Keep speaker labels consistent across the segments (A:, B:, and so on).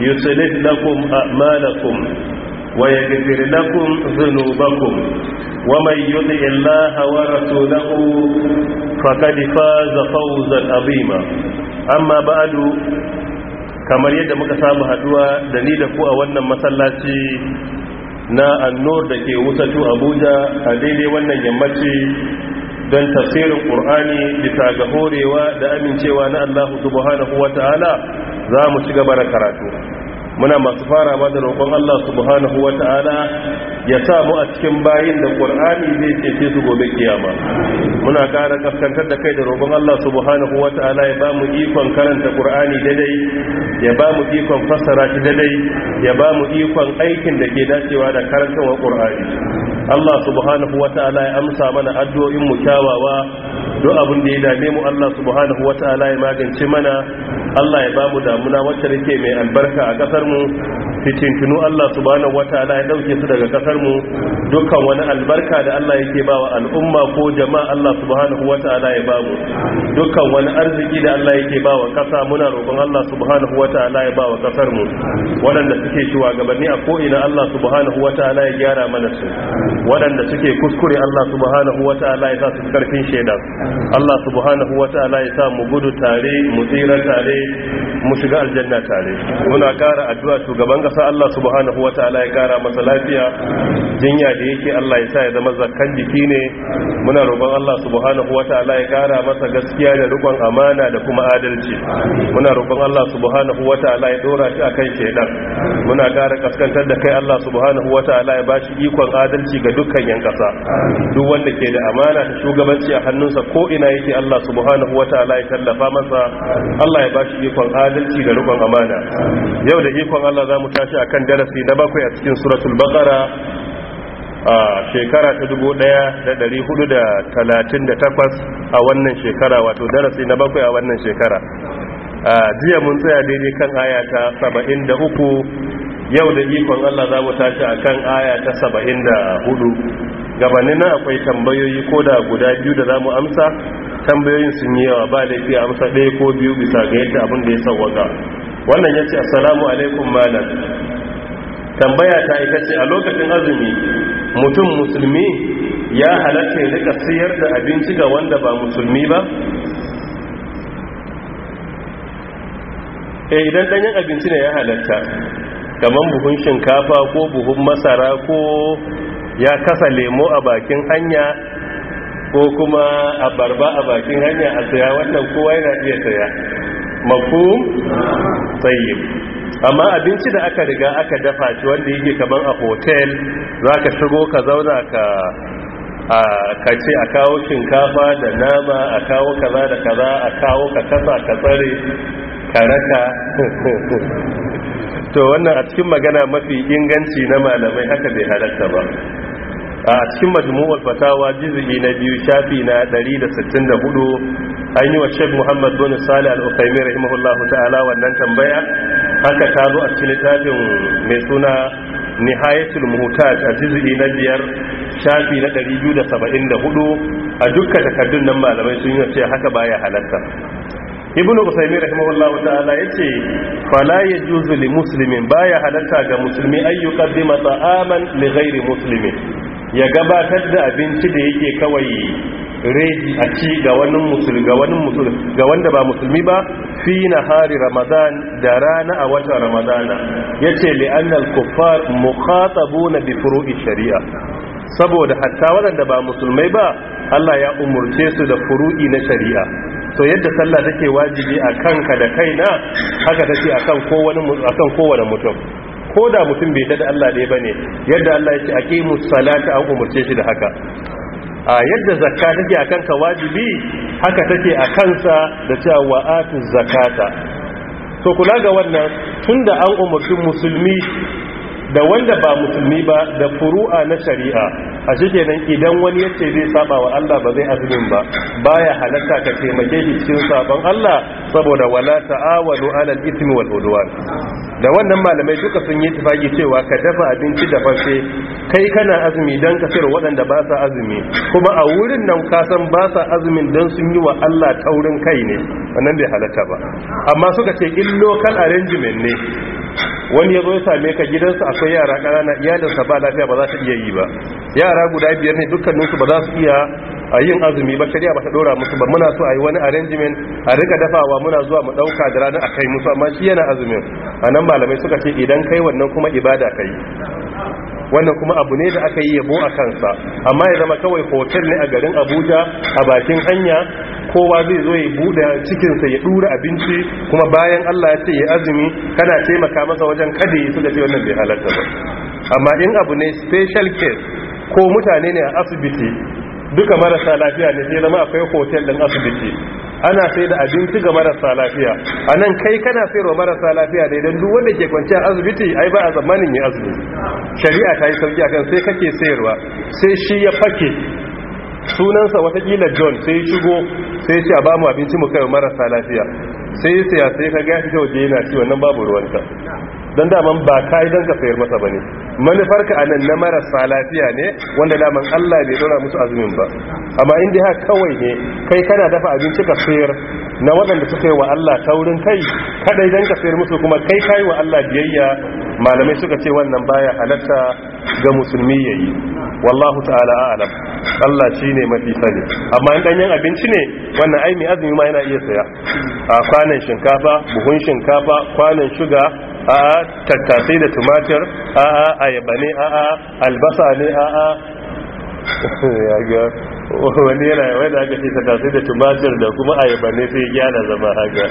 A: يصلح لكم أعمالكم ويغفر لكم ذنوبكم ومن يطع الله ورسوله فقد فاز فوزا عظيما Amma بعد kamar yadda muka samu haduwa da ni da ku a wannan masallaci na annur da ke wutatu abuja a daidai wannan yammaci don tafsirin ƙur'ani bisa ga horewa da amincewa na allahu subhanahu wa ta'ala za mu ci gaba da karatu muna masu fara ba da roƙon Allah subhanahu wa ta'ala ya sa mu a cikin bayin da ƙur'ani zai cece su gobe kiyama muna ƙara kaskantar da kai da roƙon Allah subhanahu wa ta'ala ya ba mu ikon karanta ƙur'ani daidai ya ba mu ikon fassara shi daidai ya ba mu ikon aikin da ke dacewa da wa ƙur'ani Allah subhanahu wa ta'ala ya amsa mana addu'o'in mu kyawawa duk abin da ya dame mu Allah subhanahu ta'ala ya magance mana Allah ya bamu damuna wacce rike mai albarka a kasar mu fitintinu Allah subhanahu ta'ala ya dauke su daga kasar mu dukkan wani albarka da Allah yake ba wa al'umma ko jama'a Allah subhanahu wata'ala ya babu dukkan wani arziki da Allah yake ba wa ƙasa muna roƙon Allah subhanahu wata'ala ya ba wa ƙasar mu waɗanda suke shugabanni a ko'ina Allah subhanahu wata'ala ya gyara mana su waɗanda suke kuskure Allah subhanahu wata'ala ya sa su ƙarfin shaida Allah subhanahu wata'ala ya sa mu gudu tare mu tsira tare mu shiga aljanna tare muna ƙara addu'a shugaban ƙasa Allah subhanahu wata'ala ya ƙara masa lafiya jinya da yake Allah ya sa ya zama zakkan jiki ne muna roƙon Allah subhanahu wataala ya kara masa gaskiya da rikon amana da kuma adalci muna roƙon Allah subhanahu wataala ya dora shi akan shedan muna ƙara kaskantar da kai Allah subhanahu wataala ya bashi ikon adalci ga dukkan yan kasa duk wanda ke da amana da shugabanci a hannunsa ko ina yake Allah subhanahu wataala ya tallafa masa Allah ya bashi ikon adalci da rikon amana yau da ikon Allah za mu tashi akan darasi na bakwai a cikin suratul baqara a shekara ta 1438 a wannan shekara wato darasi na bakwai a wannan shekara a jiya mun tsaya daidai kan aya ta 73 yau da ikon Allah za mu tashi a kan aya ta 74 gabanin nan akwai tambayoyi ko da guda biyu da za mu amsa tambayoyin sun yi yawa ba laifi amsa ɗaya ko biyu bisa ga yadda abin da ya sauwaka wannan ya ce assalamu alaikum malam tambaya ta ita ce a lokacin azumi mutum musulmi ya halatta ya rika siyar da abinci ga wanda ba musulmi ba e idan danyen abinci ne ya halatta kamar buhun shinkafa ko buhun masara ko ya kasa lemo a bakin hanya ko kuma a barba a bakin hanya a saya wannan kowa yana iya tsaya mafhum tayyib amma abinci da aka riga aka dafa shi wanda yake kamar a hotel za ka shigo ka zauna ka ka ce a kawo shinkafa da nama a kawo kaza da kaza a kawo ka kafa ka tsare ka raka to wannan a cikin magana mafi inganci na malamai haka bai halarta ba a cikin majmu'ul fatawa juz'i na biyu shafi na 164 an yi wa Sheikh Muhammad bin Salih Al-Uthaymeen rahimahullahu ta'ala wannan tambaya haka ta zo a cikin littafin mai suna nihayatul muhtaj a juz'i na biyar shafi na 274 a dukkan takardun nan malamai sun yi ce haka baya halatta ibnu usaymin rahimahullahu ta'ala yace fa la yajuzu li muslimin baya halatta ga musulmi ay yuqaddima ta'aman li ghairi muslimin ya gabatar da abinci da yake kawai regi a ci ga wani musul ga wani musul ga wanda ba musulmi ba fi na hari ramadan da rana a watan ramadana yace li annal kuffar na bi furu'i shari'a saboda hatta waɗanda ba musulmai ba Allah ya umurce su da furu'i na shari'a so yadda sallah take wajibi a kanka da kaina haka take akan kowane akan kowane mutum ko da mutum bai da Allah da ya ne yadda Allah ya ce a salata an umarce shi da haka a yadda zakka take a kanka wajibi haka take a kansa da cewa wa'atu zakata to kula ga wannan tunda an umarci musulmi da wanda ba musulmi ba da furu'a na shari'a a nan idan wani ya ce zai saba wa Allah ba zai azumin ba baya halatta ka taimake shi cikin sabon Allah saboda wala ta'awalu al-ithmi wal udwan da wannan malamai duka sun yi tafaki cewa ka dafa abinci da fashe kai kana azumi dan ka sayar waɗanda ba sa azumi kuma a wurin nan ka san ba sa azumin dan sun yi wa Allah taurin kai ne wannan bai halatta ba amma suka ce in local arrangement ne wani ya zo ya same ka gidansa akwai yara ƙarana iyalinsa ba lafiya ba za su iya yi ba yara guda biyar ne dukkaninsu ba za su iya a yin azumi ba shari'a ba ta dora musu ba muna so a yi wani arrangement a rika dafawa muna zuwa mu ɗauka da ranar a kai musu amma shi yana azumin a nan malamai suka ce idan kai wannan kuma ibada kai wannan kuma abu ne da aka yi yabo a kansa amma ya zama kawai hotel ne a garin abuja a bakin hanya kowa zai zo ya buɗe cikinsa ya ɗura abinci kuma bayan allah ya ce ya azumi kana taimaka masa wajen kada ya suka ce wannan bai halarta ba amma in abu ne special case ko mutane ne a asibiti duka marasa lafiya ne sai zama akwai hotel ɗin asibiti ana sai da abinci ga marasa lafiya a nan kai kana sayarwa marasa lafiya dai don duk wanda ke kwanciya asibiti ai ba a zamanin ya azumi shari'a ta yi sauki akan sai kake sayarwa sai shi ya fake sunansa watakila john sai shigo sai ce a ba abinci mu kai marasa lafiya sai ya saya sai ka gashi ta waje yana ci wannan babu ruwanta don daman ba ka yi ka sayar masa ba ne manufarka a na marasa lafiya ne wanda daman allah bai dora musu azumin ba amma inda haka kawai ne kai kana dafa abinci ka sayar na waɗanda suka yi wa allah taurin kai Kaɗai don ka sayar musu kuma kai kayi wa allah biyayya malamai suka ce wannan baya halatta ga musulmi yayi wallahu ta'ala a'lam Allah ne mafi sani amma in ɗanyen abinci ne wannan ai azumi ma yana iya saya a kwanan shinkafa buhun shinkafa kwanan shuga a'a tattasai da tumatir a ayaba ne a albasa ne a ya wani yana wai da aka ce tasiri da tumatir da kuma ayaba ne sai gyara zama haka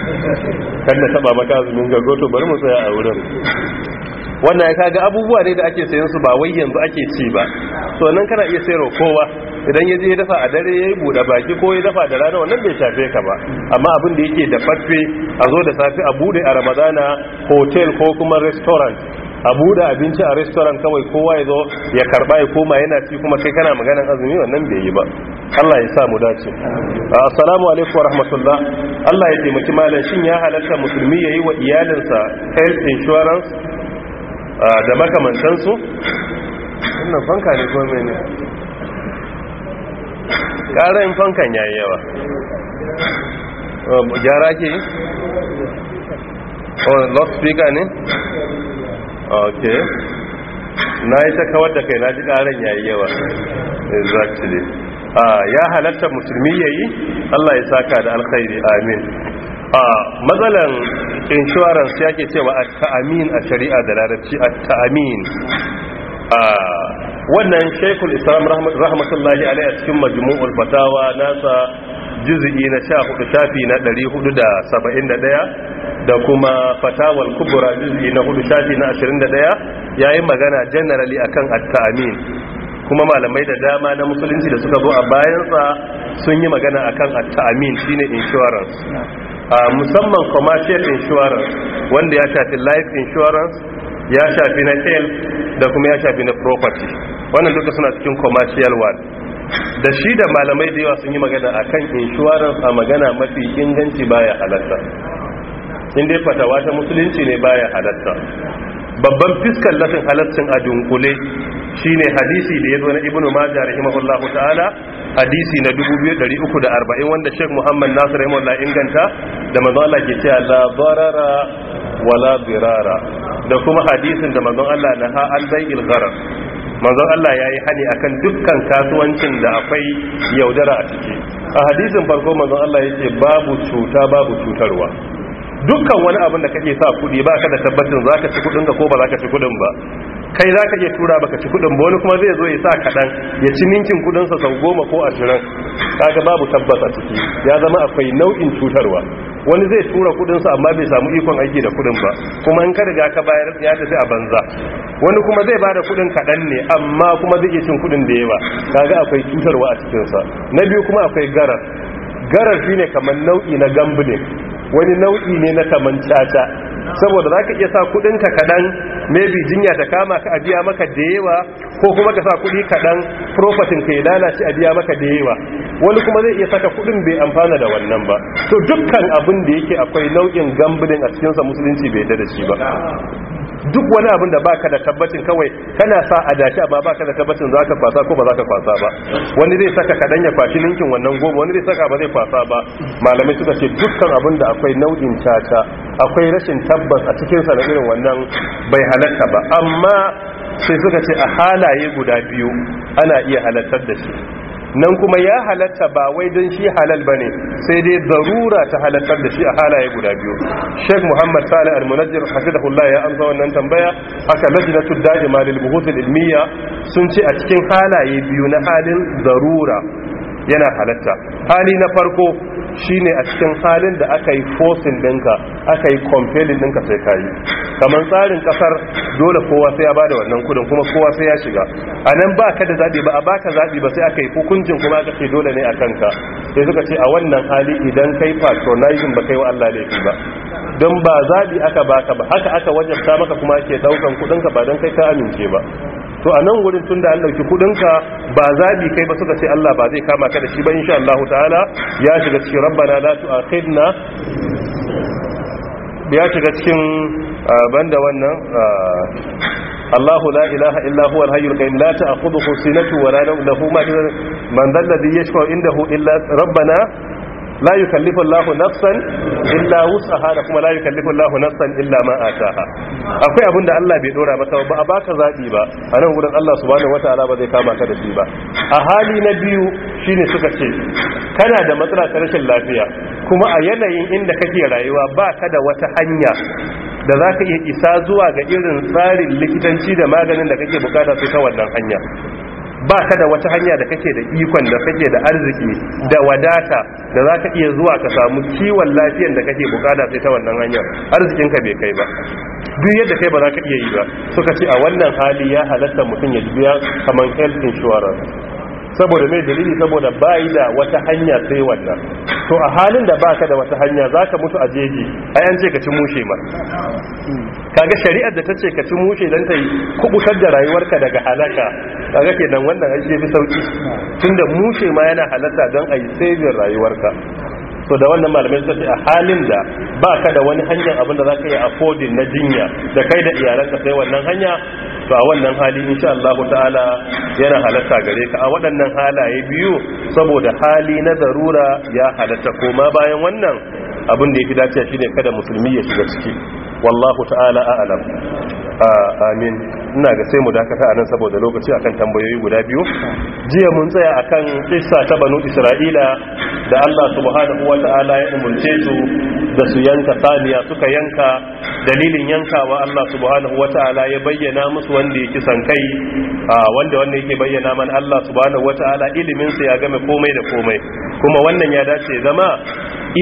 A: kan da taba maka azumin ga goto bari mu tsaya a wurin wannan ya ga abubuwa ne da ake sayan su ba wai yanzu ake ci ba so nan kana iya sayarwa kowa idan ya je ya dafa a dare ya yi buɗe baki ko ya dafa da rana wannan bai shafe ka ba amma abin da yake da fafe a zo da safe a buɗe a ramadana hotel ko kuma restaurant a buɗe abinci a restaurant kawai kowa ya zo ya karba ya koma yana ci kuma kai kana magana azumi wannan bai yi ba Allah ya sa mu dace assalamu alaikum warahmatullah Allah ya taimaki malam shin ya halatta musulmi yayi wa iyalinsa health insurance da su wannan fanka ne ko mene ƙarayin fankan yayi yawa gyara ke yi? Oh, lord speaker ne? ok na yi ta kawar da kai na ji ƙaran yayi yawa exactly ah, ya halatta musulmi yayi Allah ya saka da alkhairi amin ah, matsalan insurance ya ke cewa a ta'amin a shari'a da larabci a ta'amin ah, wannan shaikul islam rahmatullahi alaihi a cikin majmu'ul fatawa nasa juz'i na 14 shafi na 471 da kuma fatawal kubra juz'i na 4 shafi na 21 yayi magana generally akan at-ta'min kuma malamai da dama na musulunci da suka zo a bayansa sun yi magana akan at-ta'min shine insurance musamman commercial insurance wanda ya shafi life insurance ya shafi na health da kuma ya shafi na property wannan duka suna cikin commercial one da shi da malamai da yawa sun yi magana a kan insurance a magana mafi inganci baya halatta in dai fatawa ta musulunci ne baya halatta babban fiskar latin halattin a dunkule ne hadisi da ya zo na ibnu majah rahimahullah ta'ala hadisi na 2340 wanda shek muhammad nasir rahimahullah inganta da manzo Allah ke cewa la barara wala birara da kuma hadisin da manzon Allah na ha al bai'il manzon Allah ya yi hani akan dukkan kasuwancin da akwai yaudara a ciki a hadisin farko manzon Allah ya ce babu cuta babu cutarwa dukkan wani abin da kake sa kudi ba ka da tabbacin za ka ci kudin ka ko ba za ka ci kudin ba kai za ka iya tura baka ci kudin ba wani kuma zai zo ya sa kaɗan ya ci ninkin kudinsa sau goma ko ashirin kaga babu tabbas a ciki ya zama akwai nau'in cutarwa wani zai tura kudinsa amma bai samu ikon aiki da kudin ba kuma in ka riga ka bayar ya tafi a banza wani kuma zai bada kudin kaɗan ne amma kuma zai iya cin kudin da yawa kaga akwai cutarwa a cikinsa na biyu kuma akwai garar garar shine kamar nau'i na gambling wani nau'i ne na kaman caca saboda za ka iya sa kudinka kaɗan maybe jinya ta kama ka a maka da yawa ko kuma ka sa kuɗi kaɗan profitin ka ya lalace a biya maka da yawa wani kuma zai iya saka kuɗin bai amfana da wannan ba to dukkan abin da yake akwai nau'in gambling a cikinsa musulunci bai da shi ba duk wani abin da baka da tabbacin kawai kana sa a dashi amma baka da tabbacin za ka kwasa ko ba za ka kwasa ba wani zai saka ka ya kwashi ninkin wannan goma wani zai saka ba zai kwasa ba malamai suka ce dukkan abin da akwai nau'in caca akwai rashin tabbas a cikin da irin wannan bai halatta ba amma sai suka ce a halaye guda biyu ana iya halattar da shi nan kuma ya halatta ba wai don shi halal ba ne sai dai zarura ta halattar da shi a halaye guda biyu sheikh muhammad salih al-munajjir hafizahullah ya amsa wannan tambaya haka lajnatul da'ima lil al ilmiya sun ce a cikin halaye biyu na halin zarura yana halatta hali na farko shine a cikin halin da aka yi forcing dinka aka yi compelling dinka sai ka yi kamar tsarin kasar dole kowa sai ya bada wannan kudin kuma kowa sai ya shiga a nan ba ka da zaɓi ba a baka ka zaɓi ba sai aka yi hukuncin kuma aka ce dole ne a kanka sai suka ce a wannan hali idan kai patronizing ba kai wa Allah laifi ba don ba zaɓi aka baka ba haka aka wajabta maka kuma ke ɗaukan kuɗinka ba don kai ka amince ba to a nan wurin tun da an ɗauki kudinka ba zaɓi kai ba suka ce Allah ba zai kama ka da shi ba insha Allah ta'ala ya shiga cikin rabbana la tu akhidna ya shiga cikin banda wannan Allah la ilaha illa huwa al-hayyul qayyum la ta'khudhuhu sinatun wa la nawm lahu ma man dhal ladhi yashfa'u indahu illa rabbana la yukallifu Allahu nafsan illa wus'aha da kuma la yukallifu Allahu nafsan illa ma ataha akwai da Allah bai dora ba ba a baka zabi ba a nan gurin Allah subhanahu wataala ba zai kama ka da shi ba a hali na biyu shine suka ce kana da matsala ta rashin lafiya kuma a yanayin inda kake rayuwa ba ka da wata hanya da za ka iya isa zuwa ga irin tsarin likitanci da maganin da kake bukata sai ta wannan hanya ba ka da wata hanya da kake da ikon da kake da arziki da wadata da za ka iya zuwa ka samu kiwon lafiyan da kake bukata sai ta wannan hanyar ka bai kai ba duk yadda kai ba za ka iya yi ba suka ce a wannan hali ya halatta mutum ya biya kamar health insurance saboda mai dalili saboda bayi da wata hanya sai wannan to a halin da ba ka da wata hanya za ka mutu a jeji a yan ce ka ci mushe ma kaga shari'ar da ta ce ka ci mushe don dan yi kubutar da rayuwarka daga halaka kaga kenan wannan ai ce fi sauki da mushe ma yana halatta don a yi saving rayuwarka to da wannan malamai ta ce a halin da ba ka da wani hanyar abin da za ka yi fodin na jinya da kai da iyalanka sai wannan hanya to a wannan hali insha Allah ta'ala yana halatta gare ka a waɗannan halaye biyu saboda hali na zarura ya halatta koma bayan wannan abin da ya fi dace ne kada musulmi ya shiga ciki wallahu ta'ala a'lam amin ina ga sai mu dakata anan saboda lokaci akan tambayoyi guda biyu jiya mun tsaya akan kissa ta banu isra'ila da Allah subhanahu wa ta'ala ya umurce su da su yanka saniya suka yanka dalilin yankawa Allah subhanahu wata'ala ya bayyana musu wanda yake san kai wanda wanda yake bayyana man Allah subhanahu wata'ala ilimin sa ya game komai da komai kuma wannan ya dace zama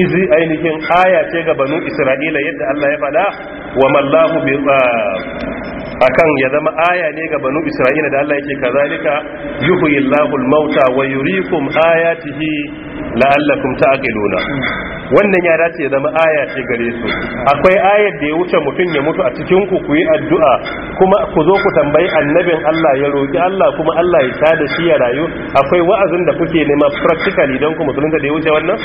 A: izi ainihin aya ce ga banu Isra'ila yadda Allah ya faɗa wa mallahu bi akan ya zama aya ne ga banu Isra'ila da Allah yake kazalika yuhyillahu al-mauta wa yuriikum ayatihi la'allakum ta'qiluna wannan ya dace ya zama aya ce gare su akwai ayar da ya wuce mutum ya mutu a cikin ku ku yi addu'a kuma ku zo ku tambayi annabin Allah ya roki Allah kuma Allah ya ta da shi ya rayu akwai wa'azin da kuke nema practically don ku mutum da ya wuce wannan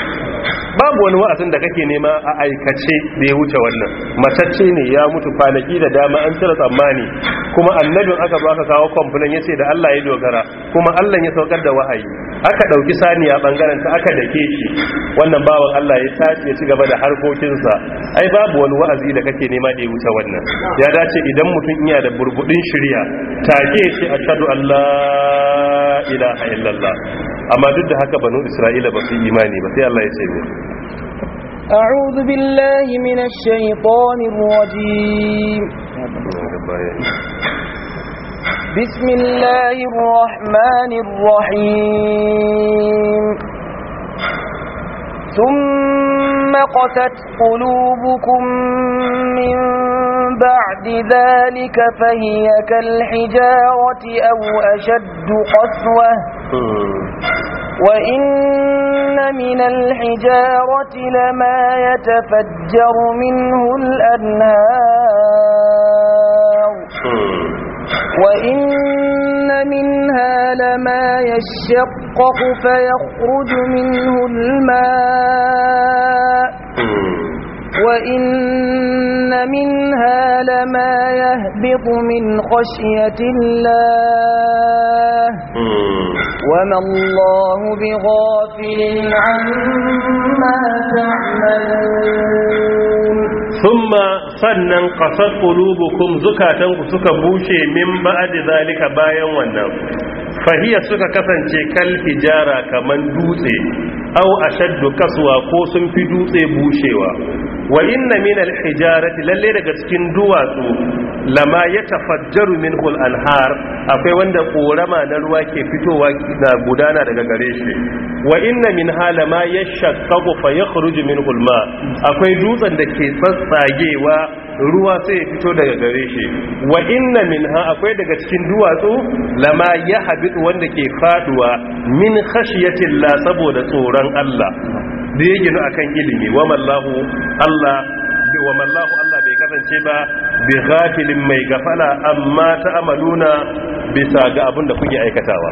A: babu wani wa'azin da kake nema a aikace da ya wuce wannan matacce ne ya mutu kwanaki da dama an cire tsammani kuma annabin aka zo aka kawo kwamfulan ya ce da Allah ya dogara kuma Allah ya saukar da wahayi aka ɗauki saniya bangaren ta aka dake shi wannan bawan Allah ya tashi ya ci gaba da harkokinsa ai babu wani wa'azi da kake nema da ya wuce wannan ya dace idan mutum iya da burbudin shirya take shi a an Allah ilaha illallah amma duk da haka banu isra'ila ba su imani ba sai Allah ya ce mu
B: أعوذ بالله من الشيطان الرجيم بسم الله الرحمن الرحيم ثم قلوبكم من بعد ذلك فهي كالحجارة أو أشد قسوة وإن من الحجارة لما يتفجر منه الأنهار وإن منها لما يشق يشقق فيخرج منه الماء وإن منها لما يهبط من خشية الله وما الله بغافل عما تعملون
A: thumma sannan qasat qulubukum zukatanku suka bushe min ba'di zalika bayan wannan fahiya suka kasance kal hijara kaman dutse aw ashaddu kaswa ko sun fi dutse bushewa wa inna min al hijarati lalle daga cikin duwatsu lama yatafajjaru minhu al anhar akwai wanda korama na ruwa ke fitowa na gudana daga gare shi wa inna min halama yashaqqaqu fa yakhruju minhu al ma akwai dutsen da ke tsatsa tsagewa ruwa sai ya fito daga gare shi wa inna ha akwai daga cikin duwatsu lama ya habitu wanda ke faduwa min khashiyatin la saboda tsoron Allah da ya akan ilimi wa mallahu Allah wa mallahu Allah bai kasance ba bi ghafilin mai gafala amma ta amaluna bisa ga abin da kuke aikatawa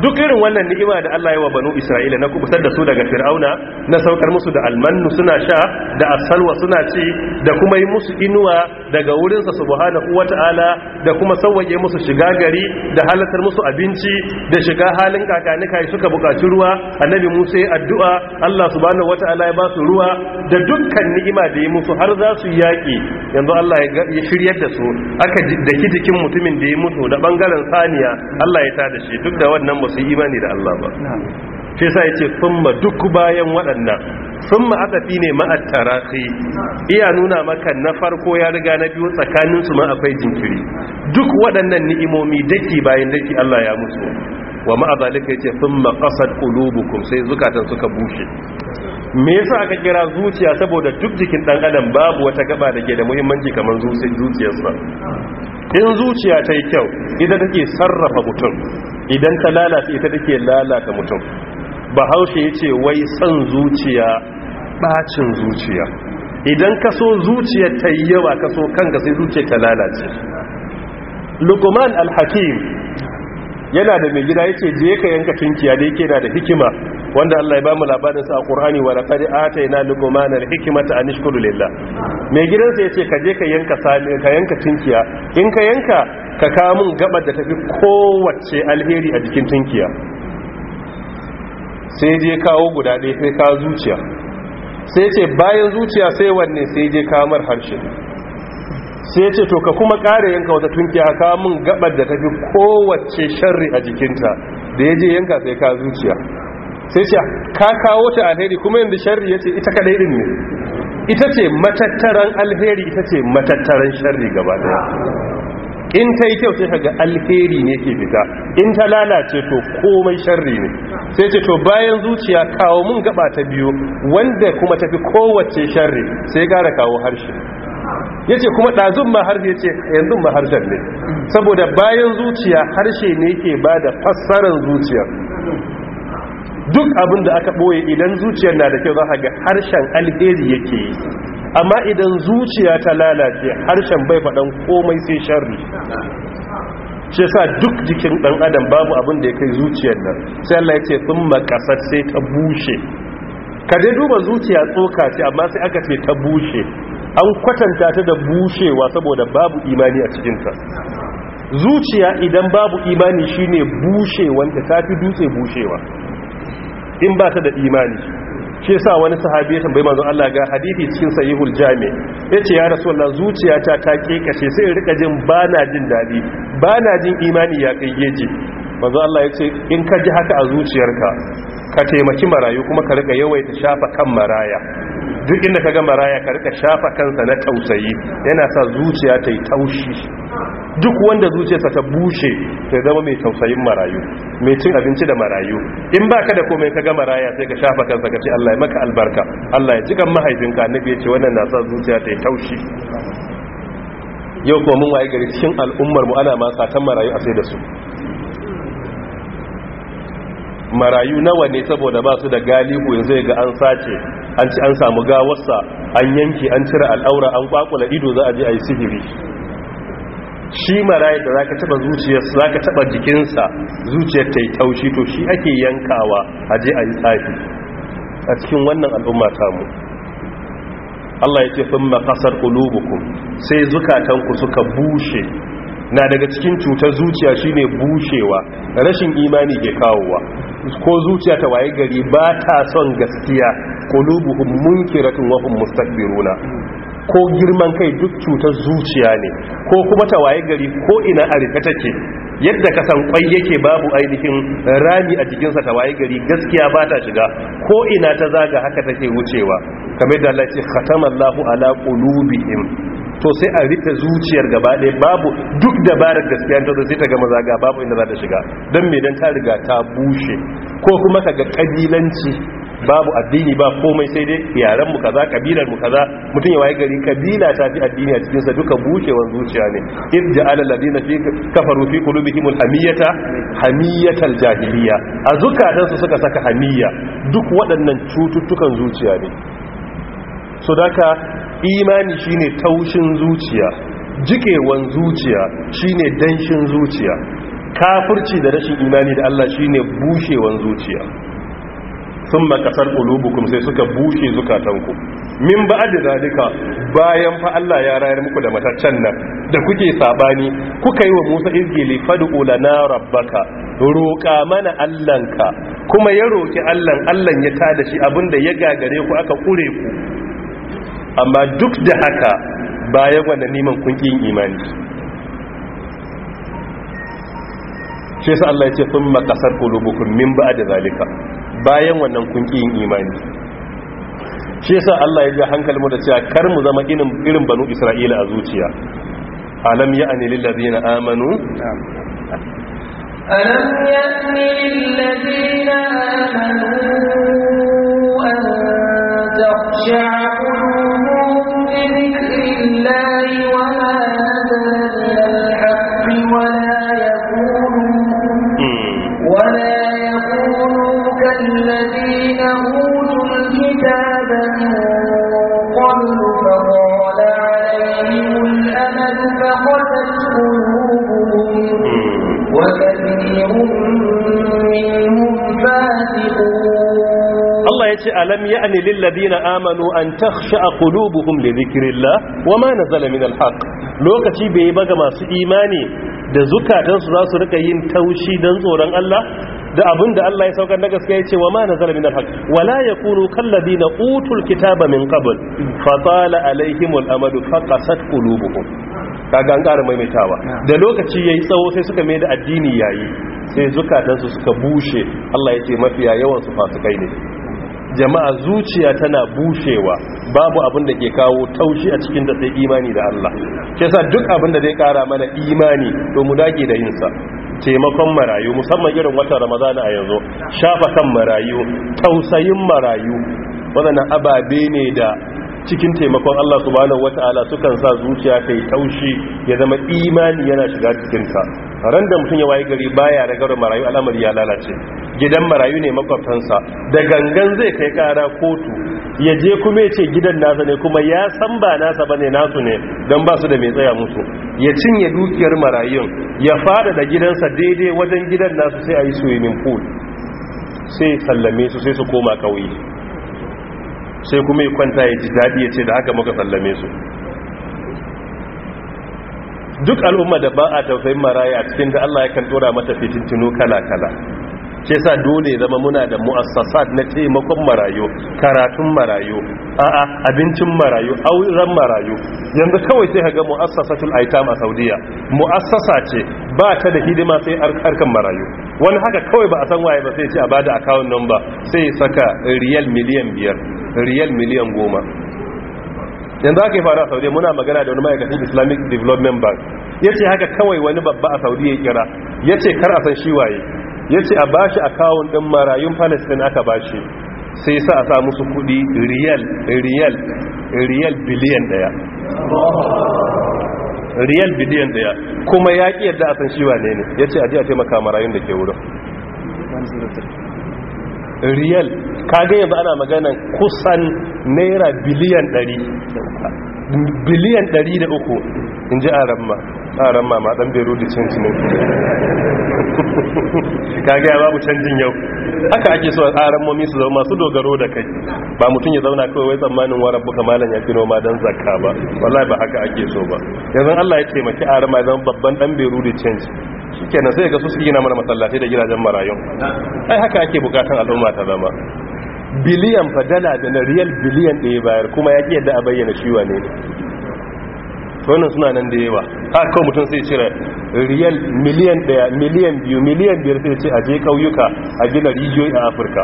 A: duk irin wannan ni'ima da Allah ya wa banu Isra'ila na kubutar da su daga Fir'auna na saukar musu da almannu suna sha da asalwa suna ci da kuma yi musu inuwa daga wurinsa subhanahu wata'ala da kuma sauwaye musu shiga gari da halatar musu abinci da shiga halin kakanika suka buƙaci ruwa annabi Musa ya addu'a Allah subhanahu wata'ala ya ba su ruwa da dukkan ni'ima da ya musu har za su yaki, yanzu Allah ya shiryar da su aka daki jikin mutumin da ya mutu da bangaren saniya Allah ya tada shi duk da wannan ba su imani da Allah ba shi sa ce thumma duk bayan waɗannan aka fi ne ma'attara at iya nuna maka na farko ya riga na biyu tsakanin su ma akwai jinkiri duk waɗannan ni'imomi daki bayan daki Allah ya musu wa ma azalika yace summa qasad qulubukum sai zukatan suka bushe me yasa aka kira zuciya saboda duk jikin ɗan adam babu wata gaba da ke da muhimmanci kamar zuciyarsa in zuciya ta yi kyau ita take sarrafa mutum idan ta lalata ita take lalata mutum bahaushe ya ce wai son zuciya bacin zuciya idan ka so zuciya ta yi yawa ka so kanka sai zuciya ta lalace lukuman alhakim yana da mai gida ce je ka yanka tunkiya da yake da hikima wanda Allah ya bamu labarin sa a Qur'ani wa laqad atayna luqmana al-hikmata an ishkuru lillah mai gidansa yace ka je ka yanka sani ka yanka tinkiya in ka yanka ka kawo mun gabar da tafi kowace alheri a jikin tinkiya sai je kawo guda ɗaya sai kawo zuciya sai ce bayan zuciya sai wanne sai je kamar harshe sai ce to ka kuma ƙara yanka wata tunkiya ka mun gabar da tafi kowace sharri a jikinta da ya je yanka sai ka zuciya sai ce ka kawo ta alheri kuma yanzu sharri yace ita kadai din ne ita ce matattaran alheri ita ce matattaran sharri gaba daya in ta yi kyau sai ga alheri ne ke fita in ta lalace to komai sharri ne sai ce to bayan zuciya kawo mun gaba ta biyu wanda kuma tafi kowace sharri sai gara kawo harshe ya ce kuma ɗazun ma harshe ya ce yanzu ma harshen ne saboda bayan zuciya harshe ne ke ba da fassarar zuciyar duk abin da aka ɓoye idan zuciyar na da kyau za ga harshen alheri yake yi amma idan zuciya ta lalace harshen bai faɗan komai sai sharri shi sa duk jikin ɗan adam babu abin da ya kai zuciyar nan sai Allah ya ce sun makasar sai ta bushe ka dai duba zuciya tsoka ce amma sai aka ce ta bushe an kwatanta ta da bushewa saboda babu imani a cikinta zuciya idan babu imani shine bushewanta ta fi dutse bushewa in ba ta da imani shi sa wani sahabi ya tambayi manzon Allah ga hadisi cikin sahihul jami yace ya rasulullah zuciyata ta kekace sai rika jin bana jin dadi bana jin imani ya kai yaje manzo Allah ya ce in ka ji haka a zuciyarka ka taimaki marayu kuma ka rika yawaita shafa kan maraya duk inda ka ga maraya ka rika shafa kansa na tausayi yana sa zuciya ta yi taushi duk wanda zuciyarsa ta bushe ta zama mai tausayin marayu mai cin abinci da marayu in baka da komai ka ga maraya sai ka shafa kansa ka ce Allah ya maka albarka Allah ya jikan mahaifinka annabi ya ce wannan na sa zuciya ta yi taushi yau kuma mun waye gari cikin al'ummar mu ana ma satan marayu a sai da su marayu nawa ne saboda ba su da galihu yanzu ga an sace an ci an samu gawarsa an yanki an cire al'aura an kwakula ido za a je a yi sihiri shi marayu da za ka taba zuciyarsa za ka taba jikinsa zuciyar ta yi taushi to shi ake yankawa a je a yi tsafi a cikin wannan al'umma tamu Allah ya ce sun makasar kulubuku sai zukatanku suka bushe na daga cikin cutar zuciya shine bushewa rashin imani ke kawowa ko zuciya ta waye gari ba ta son gaskiya kulubuhum munkiratun wa hum mustakbiruna ko girman kai duk cutar zuciya ne ko kuma ta waye gari ko ina a rufe take yadda ka san kwai yake babu ainihin rami a jikinsa ta waye gari gaskiya ba ta shiga ko ina ta zaga haka take wucewa kamar da Allah ce khatamallahu ala qulubihim to sai a rita zuciyar gaba ɗaya babu duk dabarar gaskiya ta sai ta gama zaga babu inda za ta shiga dan me dan ta riga ta bushe ko kuma ka ga kabilanci babu addini ba komai sai dai yaran mu kaza kabilar mu kaza mutun ya waye gari kabila ta fi addini a cikin sa duka bushewar zuciya ne id ja'ala ladina fi kafaru fi qulubihim hamiyata, hamiyatal jahiliya a dan su suka saka hamiyya duk waɗannan cututtukan zuciya ne so daka imani shine taushin zuciya jikewan zuciya shine danshin zuciya kafirci da rashin imani da Allah shine bushewan zuciya sun makasar ƙulubukum sai suka bushe zukatanku min ba da zalika bayan fa Allah ya rayar muku da mataccen nan da kuke sabani kuka yi wa Musa izgili fad'u lana rabbaka roƙa mana Allahnka kuma ya roki Allah Allah ya tada shi abinda ya gagare ku aka kure ku amma duk da haka bayan wannan neman kun imani shi sa Allah ya ce sun makasar ƙulubukum min ba da zalika bayan wannan kun yin imani shi yasa Allah ya ji hankalinmu da cewa kar mu zama irin banu Isra'ila a zuciya alam ya'ni lil ladina amanu alam
B: ya'ni lil ladina amanu an taqsha
A: Allah ya ce alam ya ani lilladina amanu an takhsha'a qulubuhum li wa ma na zalamin alhaq lokaci bai ba ga masu imani da zukatansu za su rika yin taushi don tsoron Allah da abin da Allah ya saukar na gaskiya ya ce wa ma na zalamin alhaq wala yakunu kalladina utul kitaba min qabl fa tala alaihim alamadu fa qasat qulubuhum kaga an ƙara maimaitawa da lokaci yayi tsawo sai suka mai da addini yayi sai zukatansu suka bushe Allah ya ce mafiya yawan su fasikai ne jama'a zuciya tana bushewa babu abin da ke kawo taushi a cikin da sai imani da Allah ke sa duk abin da zai kara mana imani to mu dage da yinsa taimakon marayu musamman irin watan ramadana a yanzu shafa kan marayu tausayin marayu Wannan ababe ne da cikin taimakon Allah subhanahu wata'ala sukan sa zuciya ta yi taushi ya zama imani yana shiga cikinta ran da mutum ya waye gari baya ragar marayu al'amari ya lalace gidan marayu ne makwabtansa da gangan zai kai kara kotu ya je kuma ya ce gidan nasa ne kuma ya san ba nasa bane nasu ne don ba su da mai tsaya musu ya cinye dukiyar marayun ya fada da gidansa daidai wajen gidan nasu sai a yi swimming pool sai sallame su sai su koma kauye sai kuma ya kwanta ya ji daɗi ya ce da haka muka sallame su duk al'umma da ba a tausayin maraya a cikin da Allah yakan tura mata fitintinu kala-kala ke sa dole zama muna da mu'assasat na taimakon marayu karatun marayu a'a abincin marayu auren marayu yanzu kawai sai ga mu'assasatul aitam a saudiya mu'assasa ce ba ta da hidima sai harkan marayu wani haka kawai ba a san waye ba sai ce a bada account number sai saka riyal miliyan biyar riyal miliyan goma yanzu aka fara faru a saudiya muna magana da wani ma'aikacin islamic development bank ya ce haka kawai wani babba a saudiya kira ya ce kar a san shi waye ya ce a bashi akawun ɗin marayun palestine aka bashi sai sa a sa musu kudi riyal riyal riyal biliyan daya riyal biliyan daya kuma ya ƙi yadda a san shi wane ne ya ce a ji a taimaka marayun da ke wurin riyal kaga yanzu ana magana kusan naira biliyan ɗari. biliyan uku in ji a ramma a ma dan beru da cin ne kage ya babu canjin yau haka ake so a momi su zama masu dogaro da kai ba mutum ya zauna kawai wai tsammanin waran buka malan ya fi noma dan zakka ba wallahi ba haka ake so ba yanzu Allah ya taimaki a ramma zama babban dan beru da cin shikenan sai ga su su gina mana masallatai da gidajen marayun ai haka ake bukatan al'umma ta zama biliyan fa dala da na riyal biliyan ɗaya bayar kuma ya ƙi yadda a bayyana shi wa ne wannan suna nan da yawa haka kawai mutum sai cire riyal miliyan ɗaya miliyan biyu miliyan biyar sai ce a je ƙauyuka a gina rijiyoyi a afirka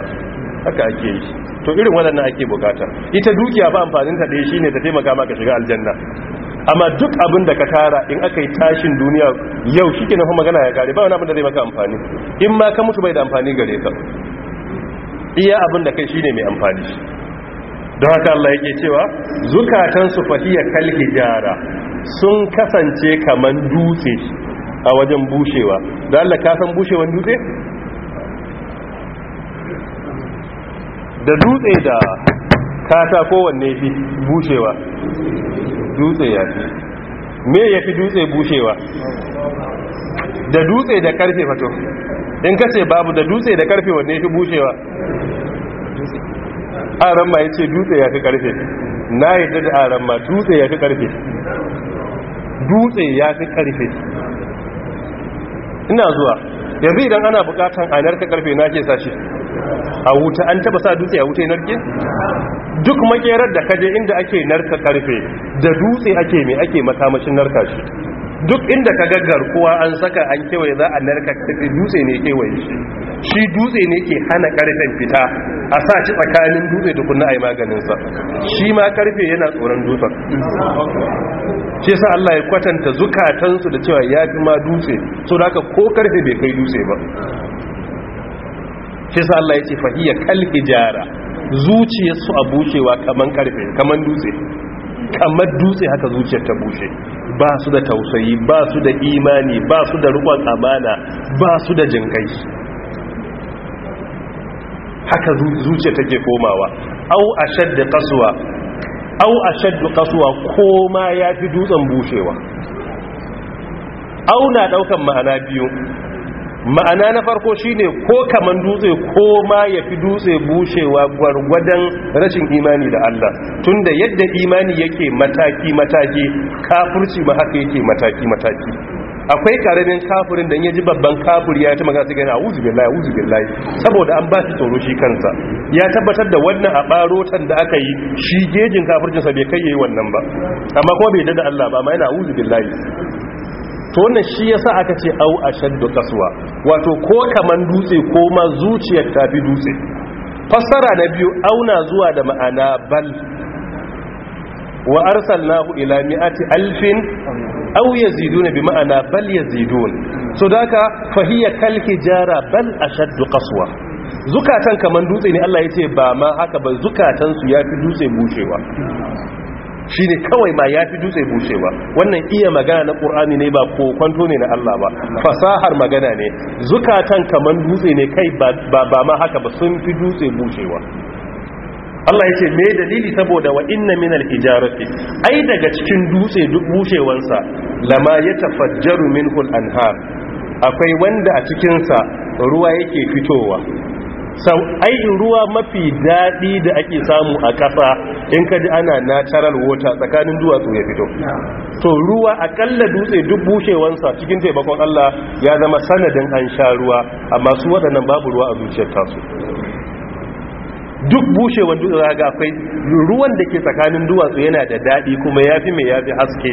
A: haka ake yi to irin waɗannan ake bukata ita dukiya ba amfanin ta ɗaya shine ta taimaka maka shiga aljanna amma duk abin da ka tara in aka yi tashin duniya yau shi ke nufa magana ya kare ba wani abin da zai maka amfani in ma ka mutu bai da amfani gare ka iya abin da kai shine mai amfani don haka Allah yake cewa zukatan su fahiyar kal jara, sun kasance kaman dutse a wajen bushewa don Allah ka san bushewan dutse da dutse da kasa kowanne fi bushewa dutse ya fi me ya fi dutse bushewa da dutse da karfe fato in ka ce babu da dutse da karfe wanne ya fi bushewa a ramma ya ce dutse ya fi karfe na yadda da a ramma dutse ya fi karfe dutse ya fi karfe ina zuwa yanzu idan ana bukatan a narka karfe na ke sashi a wuta an taba sa dutse a wuta ya narke duk makerar da kaje inda ake narka karfe da dutse ake mai ake makamashin narka shi duk inda ka gaggar kuwa an saka an kewaye za a narka dutse ne kewaye shi dutse ne ke hana karfen fita a sa ci tsakanin dutse tukunna a yi maganinsa shi ma karfe yana tsoron dutsen ce sa Allah ya kwatanta zukatansu da cewa ya fi ma dutse so da haka ko karfe bai kai dutse ba ce sa Allah ya ce fahiyar kalfi jara zuciyarsu a bushewa kaman karfe kaman dutse kamar dutse haka zuciyar ta bushe ba su da tausayi ba su da imani ba su da rukon amana ba su da jinkai haka zuciyar take komawa au ashaddu qaswa au ashaddu qaswa koma yafi dutsen bushewa au na daukan ma'ana biyu ma'ana na farko shine ko kaman dutse ko ma ya fi dutse bushewa gwargwadon rashin imani da Allah tunda yadda imani yake mataki-mataki kafurci ma haka yake mataki-mataki akwai karamin kafirin da ya ji babban kafiri ya ta magana su gani a billahi billahi saboda an ba shi tsoro shi kansa ya tabbatar da wannan a barotan da aka yi shi gejin kafircinsa bai kai yayi wannan ba amma kuma bai dada Allah ba amma yana wuzu billahi to wannan shi yasa aka ce au ashaddu qaswa wato ko kaman dutse ko ma zuciyar ta tafi dutse fassara na biyu auna zuwa da ma'ana bal wa arsalnahu ila mi'ati alfin aw yaziduna bi ma'ana bal yazidun so daka fahiya kal hijara bal ashaddu qaswa zukatan kaman dutse ne Allah yace ba ma haka ba zukatan su yafi dutse bushewa shi ne kawai ma ya fi dutse bushewa wannan iya magana na ƙur'ani ne ba ko kwanto ne na Allah ba fasahar magana ne zukatan kamar dutse ne kai ba ma haka ba sun fi dutse bushewa Allah ya ce me dalili saboda wa inna min al hijarati ai daga cikin dutse duk bushewansa lama tafajjaru minhu al-anhar akwai wanda a cikin sa ruwa yake fitowa sau ruwa mafi daɗi da ake samu a ƙasa in ka ji ana natural water tsakanin duwatsu ya fito to ruwa akalla dutse duk bushewansa cikin taimakon Allah ya zama sanadin an sha ruwa amma su waɗannan babu ruwa a zuciyar tasu duk bushewar dutse za ga akwai ruwan da ke tsakanin duwatsu yana da daɗi kuma ya fi mai ya fi haske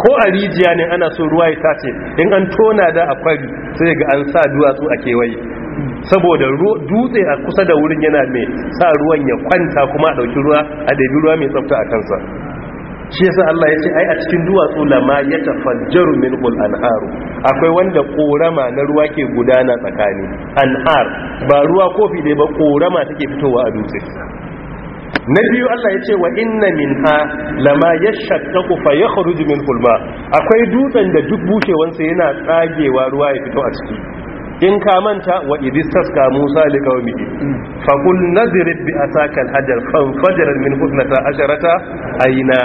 A: ko a rijiya ne ana so ruwa ya tace in an tona da a kwari sai ga an sa duwatsu a kewaye saboda dutse a kusa da wurin yana mai sa ruwan ya kwanta kuma a ɗauki ruwa a daidai ruwa mai tsafta a kansa shi yasa Allah ya ce ai a cikin duwatsu lama ya tafajjaru min anharu akwai wanda korama na ruwa ke gudana tsakani anhar ba ruwa kofi dai ba korama take fitowa a dutse na biyu Allah ya ce wa inna minha lama yashaqqaqu fa yakhruju min kulma akwai dutsen da duk bushewansa yana tsagewa ruwa ya fito a ciki in ka manta wa idistas ka musa li qaumihi fa qul nadhir bi ataka al hajar fa fajar min hudnata asharata aina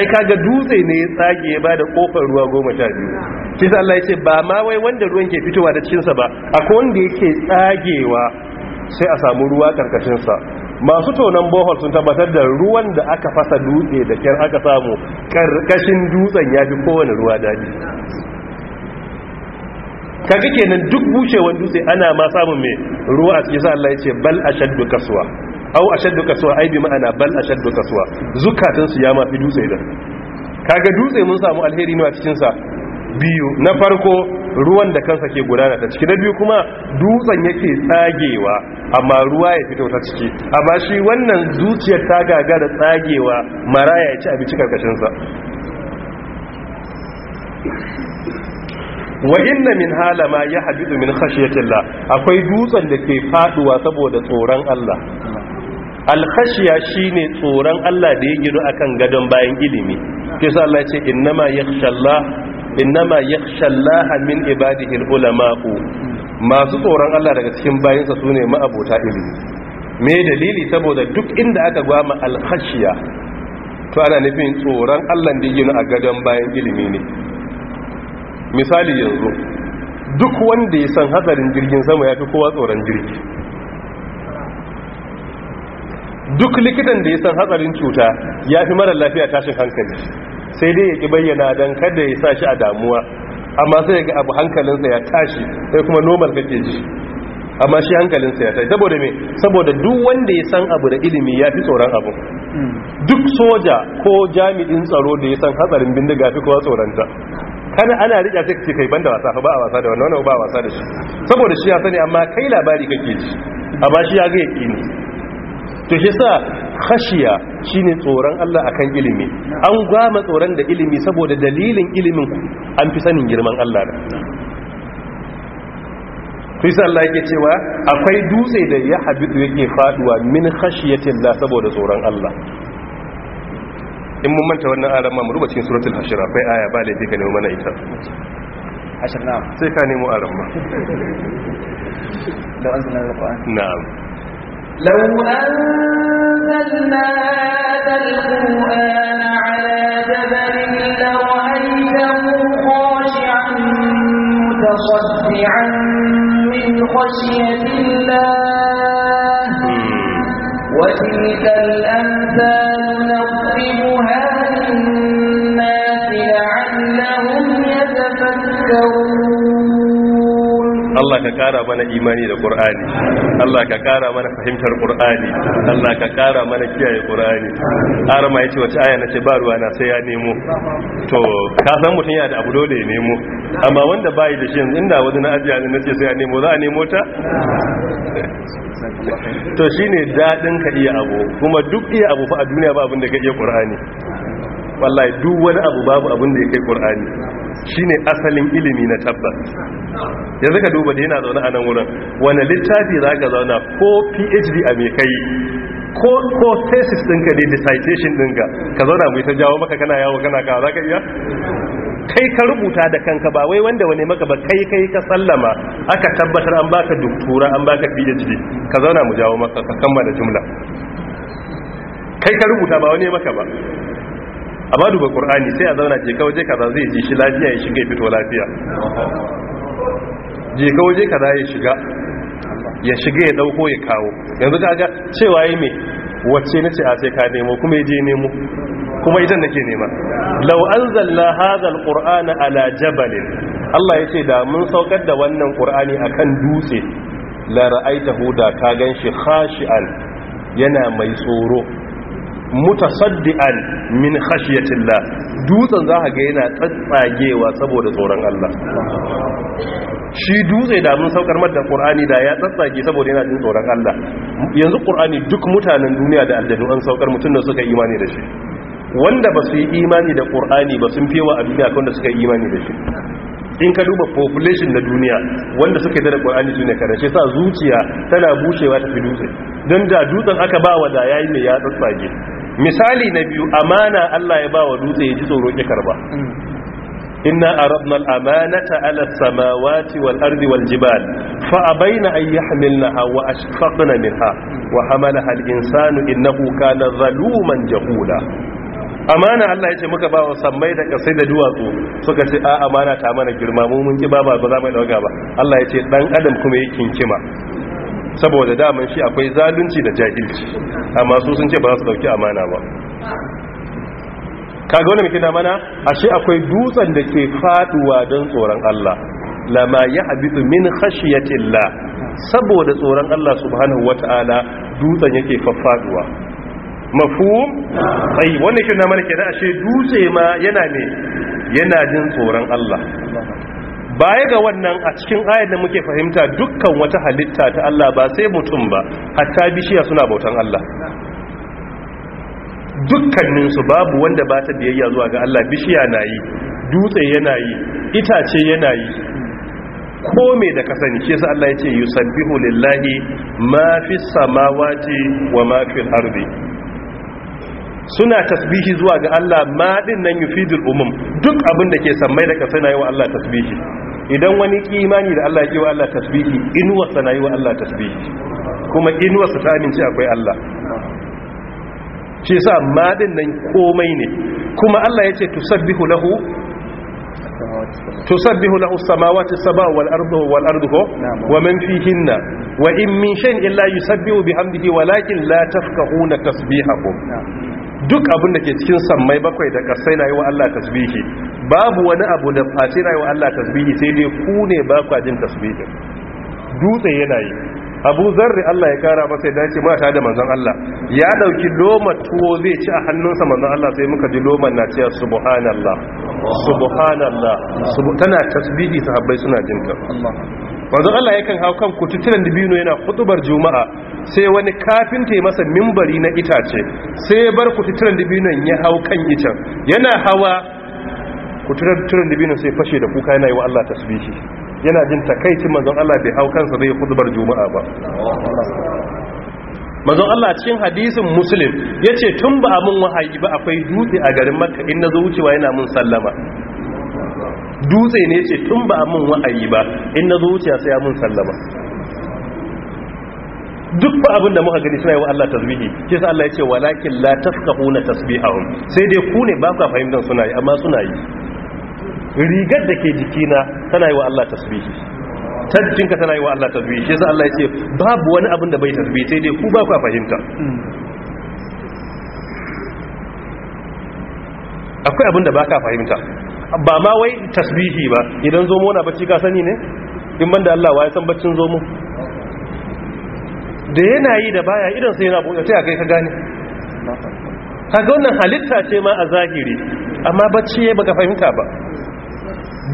A: ai kaga dutse ne tsage ya da kofar ruwa goma sha biyu sai Allah ce ba ma wai wanda ruwan ke fitowa da cikin sa ba akwai wanda yake tsagewa sai a samu ruwa karkashin sa masu tonon bohol sun tabbatar da ruwan da aka fasa dutse da kyar aka samu karkashin dutsen ya fi kowane ruwa daji kaga kenan duk bushewar dutse ana ma samun mai ruwa a cikin sa Allah ya ce bal ashaddu kaswa au ashaddu kaswa ai bi ma'ana bal ashaddu kaswa zukatun su ya ma fi dutse da kaga dutse mun samu alheri ne a cikin sa biyu na farko ruwan da kansa ke gudana ta ciki na biyu kuma dutsen yake tsagewa amma ruwa ya fito ta ciki amma shi wannan zuciyar ta gaga da tsagewa maraya ya ci abinci karkashin sa wa inna min halama ya hadidu min khashiyatillah akwai dutsen da ke faduwa saboda tsoron Allah al-khashiya shine tsoron Allah da ya gido akan gadon bayan ilimi kisa Allah ce innama yakhshallah innama yakhshallah min ibadihi ulama'u masu tsoron Allah daga cikin bayinsa sune ma'abota ilimi me dalili saboda duk inda aka gwama al-khashiya to ana nufin tsoron Allah da ya gido a gadon bayan ilimi ne misali yanzu duk wanda ya san hatsarin jirgin sama ya fi kowa tsoron jirgi duk likitan da ya san hatsarin cuta ya fi mara lafiya tashin hankali sai dai ya ki bayyana don kada ya sa shi a damuwa amma sai ga abu hankalinsa ya tashi sai kuma normal kake ji amma shi hankalinsa ya tashi saboda me saboda duk wanda ya san abu da ilimi ya fi tsoron abu duk soja ko jami'in tsaro da ya san hatsarin bindiga fi kowa tsoronta kana ana rika sai kace kai banda wasa ba a wasa da wannan ba a wasa da shi saboda shi ya sani amma kai labari kake ji ba shi ya ga ni. to shi sa khashiya shine tsoron Allah akan ilimi an gwama tsoron da ilimi saboda dalilin ilimin an fi sanin girman Allah da to sai Allah yake cewa akwai dutse da ya habitu yake faduwa min khashiyatillah saboda tsoron Allah in mun manta wannan aran ma mu ruba cikin suratul hashira akwai aya ba laifi ka nemi mana ita hashir na'am sai ka nemo aran ma law anzalna alquran na'am law anzalna
B: alquran ala jabalin law ra'aytahu khashi'an mutasaddian min khashyati llah wa tilka al الأمثال
A: ka kara mana imani da qur'ani Allah ka kara mana fahimtar qur'ani Allah ka kara mana kiyaye qur'ani arama yace wata aya nace ba ruwa na sai ya nemo to ka san mutun yana da abu dole ya nemo amma wanda bai da shi inda wani na ajiya ne nace sai ya nemo za a nemo ta to shine dadin ka iya abu kuma duk iya abu fa a duniya ba abin da ka iya qur'ani wallahi duk wani abu babu abin da ya kai qur'ani shine asalin ilimi na tabbas yanzu ka duba da yana zaune a nan wurin wani littafi za ka zauna ko phd a mai kai ko thesis ɗinka da dissertation ɗinka ka zauna mai ta jawo maka kana yawo kana ka za ka iya kai ka rubuta da kanka ba wai wanda wani maka ba kai kai ka sallama aka tabbatar an baka doktora an baka phd ka zauna mu jawo maka ka kammala jumla kai ka rubuta ba wani maka ba ba duba qur'ani sai a zauna je kawo je kaza zai ji shi lafiya ya shiga ya fito lafiya je kawo je kaza ya shiga ya shiga ya ɗauko ya kawo yanzu ga cewa yi mai wacce na ce a sai ka nemo kuma je nemo kuma idan nake nema law zalla hadha alqur'ana ala jabalin Allah ya ce da mun saukar da wannan qur'ani kan dutse la ra'aitahu huda ka ganshi khashi'an yana mai tsoro mutasaddian min khashiyatillah dutsen za ka ga yana tsatsagewa saboda tsoron Allah shi dutse da mun saukar madda Qur'ani da ya tsatsage saboda yana jin tsoron Allah yanzu Qur'ani duk mutanen duniya da aljannu an saukar mutun da suka imani da shi wanda ba su yi imani da Qur'ani ba sun fewa a duniya kawai da suka yi imani da shi in ka duba population na duniya wanda suka yi da Qur'ani su ne karshe sa zuciya tana bushewa ta fi dutse don da dutsen aka ba wa da yayi mai ya tsatsage misali na biyu amana Allah ya ba wa dutse ya ji tsoron ki ba. inna aradna al-amanata ala samawati wal ardi wal jibal fa abaina an yahmilnaha wa ashfaqna minha wa hamala al-insanu innahu kana zaluman jahula amana Allah ya ce muka ba wa sammai da kasai da duwatsu suka ce a amana ta mana girma mu mun ki ba ba za mu dauka ba Allah ya ce dan adam kuma yake kinkima saboda daman shi akwai zalunci da jahilci amma su sun ce ba za su dauki amana ba kaga wanda muke da mana ashe akwai dutsen da ke faduwa don tsoron Allah lama ya habitu min khashiyatillah saboda tsoron Allah subhanahu wata'ala dutsen yake faffaduwa mafhum ai wannan kin mana kenan ashe dutse ma yana ne yana jin tsoron Allah baya ga wannan a cikin ayat da muke fahimta dukkan wata halitta ta Allah ba sai mutum ba hatta bishiya suna bautan Allah dukkaninsu babu wanda ba ta biyayya zuwa ga Allah bishiya na yi dutse yana yi itace yana yi ko me da kasance shi yasa Allah ya yusabbihu lillahi ma fis samawati wa ma fil ardi suna tasbihi zuwa ga Allah ma din nan yufidul umum duk abin da ke sammai da kasai na yi wa Allah tasbihi idan wani kimani da Allah ya wa Allah tasbihi inuwarsa na yi wa Allah tasbihi kuma inuwarsa ta amince akwai Allah ce sa madin nan komai ne kuma Allah ya ce tusabbihu lahu tusabbihu lahu samawati sab'a wal ardu wal ardu wa man fihinna wa in min shay'in illa yusabbihu bihamdihi walakin la tafqahuna tasbihahum duk abin da ke cikin sammai bakwai da kasai na yi wa Allah tasbihi babu wani abu da face na yi wa Allah tasbihi sai dai ku ne ba kwa jin tasbihin dutse yana yi abu zarri Allah ya kara masa ya ce ma ta da manzon Allah ya dauki loma tuwo zai ci a hannunsa manzon Allah sai muka ji loman na cewa subhanallah subhanallah tana tasbihi sahabbai suna jinta manzon Allah yakan hau kan tutulan dibino yana hutubar juma'a sai wani kafinta ya masa mimbari na itace sai ya bar kututturen dibinon ya hau kan itan yana hawa kututturen dibinon sai fashe da kuka yana yi wa Allah bishi yana jin takaici mazan Allah bai hau kansa bai kudubar juma'a ba mazan Allah cikin hadisin ya ce tun ba a mun wahayi ba akwai dutse a garin makka in nazo wucewa yana mun sallama dutse ne ce tun ba a mun wa'ayi ba in na zuciya sai ya mun sallama duk fa abin da muka gani suna yi wa Allah tasbihi ke sa Allah ya ce walakin la tafqahuna tasbihahum sai dai ku ne ba ku fahimtar suna yi amma suna yi rigar da ke jikina tana yi wa Allah tasbihi tajjinka tana yi wa Allah tasbihi ke sa Allah ya ce babu wani abin da bai tasbihi sai dai ku ba ku fahimta akwai abin da ba ka fahimta ba ma wai tasbihi ba idan zomo na bacci ka sani ne in banda Allah wa ya san baccin zomo da yana yi da baya idan sai yana buɗe a kai ka gane kaga wannan halitta ce ma a zahiri amma bacci ya baka fahimta ba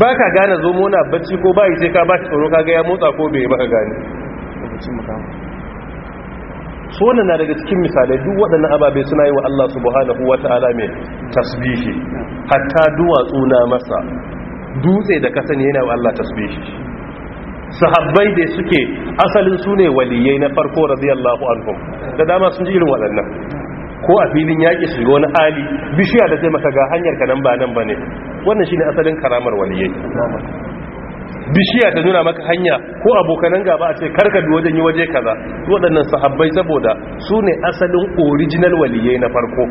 A: ba ka gane zomo na bacci ko ba yi sai ka ba shi tsoro kaga ya motsa ko bai baka gane so wannan na daga cikin misalai duk waɗannan ababe suna yi wa Allah subhanahu wata'ala mai tasbihi hatta duwatsu na masa dutse da kasan yana wa Allah tasbihi sahabbai da suke asalin su ne waliyai na farko radiyallahu anhum da dama sun ji irin waɗannan ko a filin yaƙi su wani hali bishiya da taimaka ga hanyar ka nan ba nan ba wannan shine asalin karamar waliyai bishiya ta nuna maka hanya ko abokanan gaba a ce karka bi wajen yi waje kaza waɗannan sahabbai saboda su ne asalin original waliyai na farko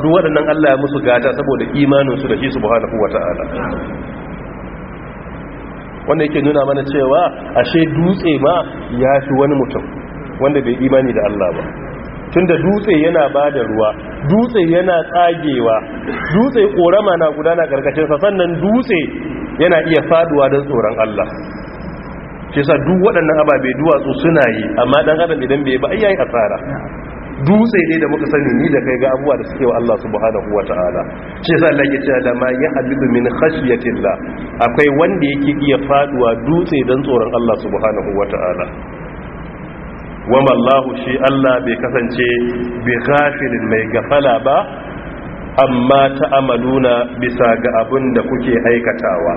A: duk waɗannan Allah ya musu gata saboda su da shi subhanahu wata'ala wanda yake nuna mana cewa ashe dutse ma ya fi wani mutum wanda bai imani da Allah ba tunda dutse yana bada ruwa dutse yana tsagewa dutse korama na gudana sa sannan dutse yana iya faduwa don tsoron Allah shi sa duk waɗannan ababe duwatsu suna yi amma ɗan adam idan bai ba ayyai asara dutse ne da muka sani ni da kai ga abuwa da suke wa Allah subhanahu wata'ala shi yasa Allah ya ce da ma ya hadidu min khashyatillah akwai wanda yake iya faduwa dutse dan tsoron Allah subhanahu wata'ala ma Allahu shi Allah bai kasance bi ghafilin mai gafala ba amma ta'amaluna bisa ga abun da kuke aikatawa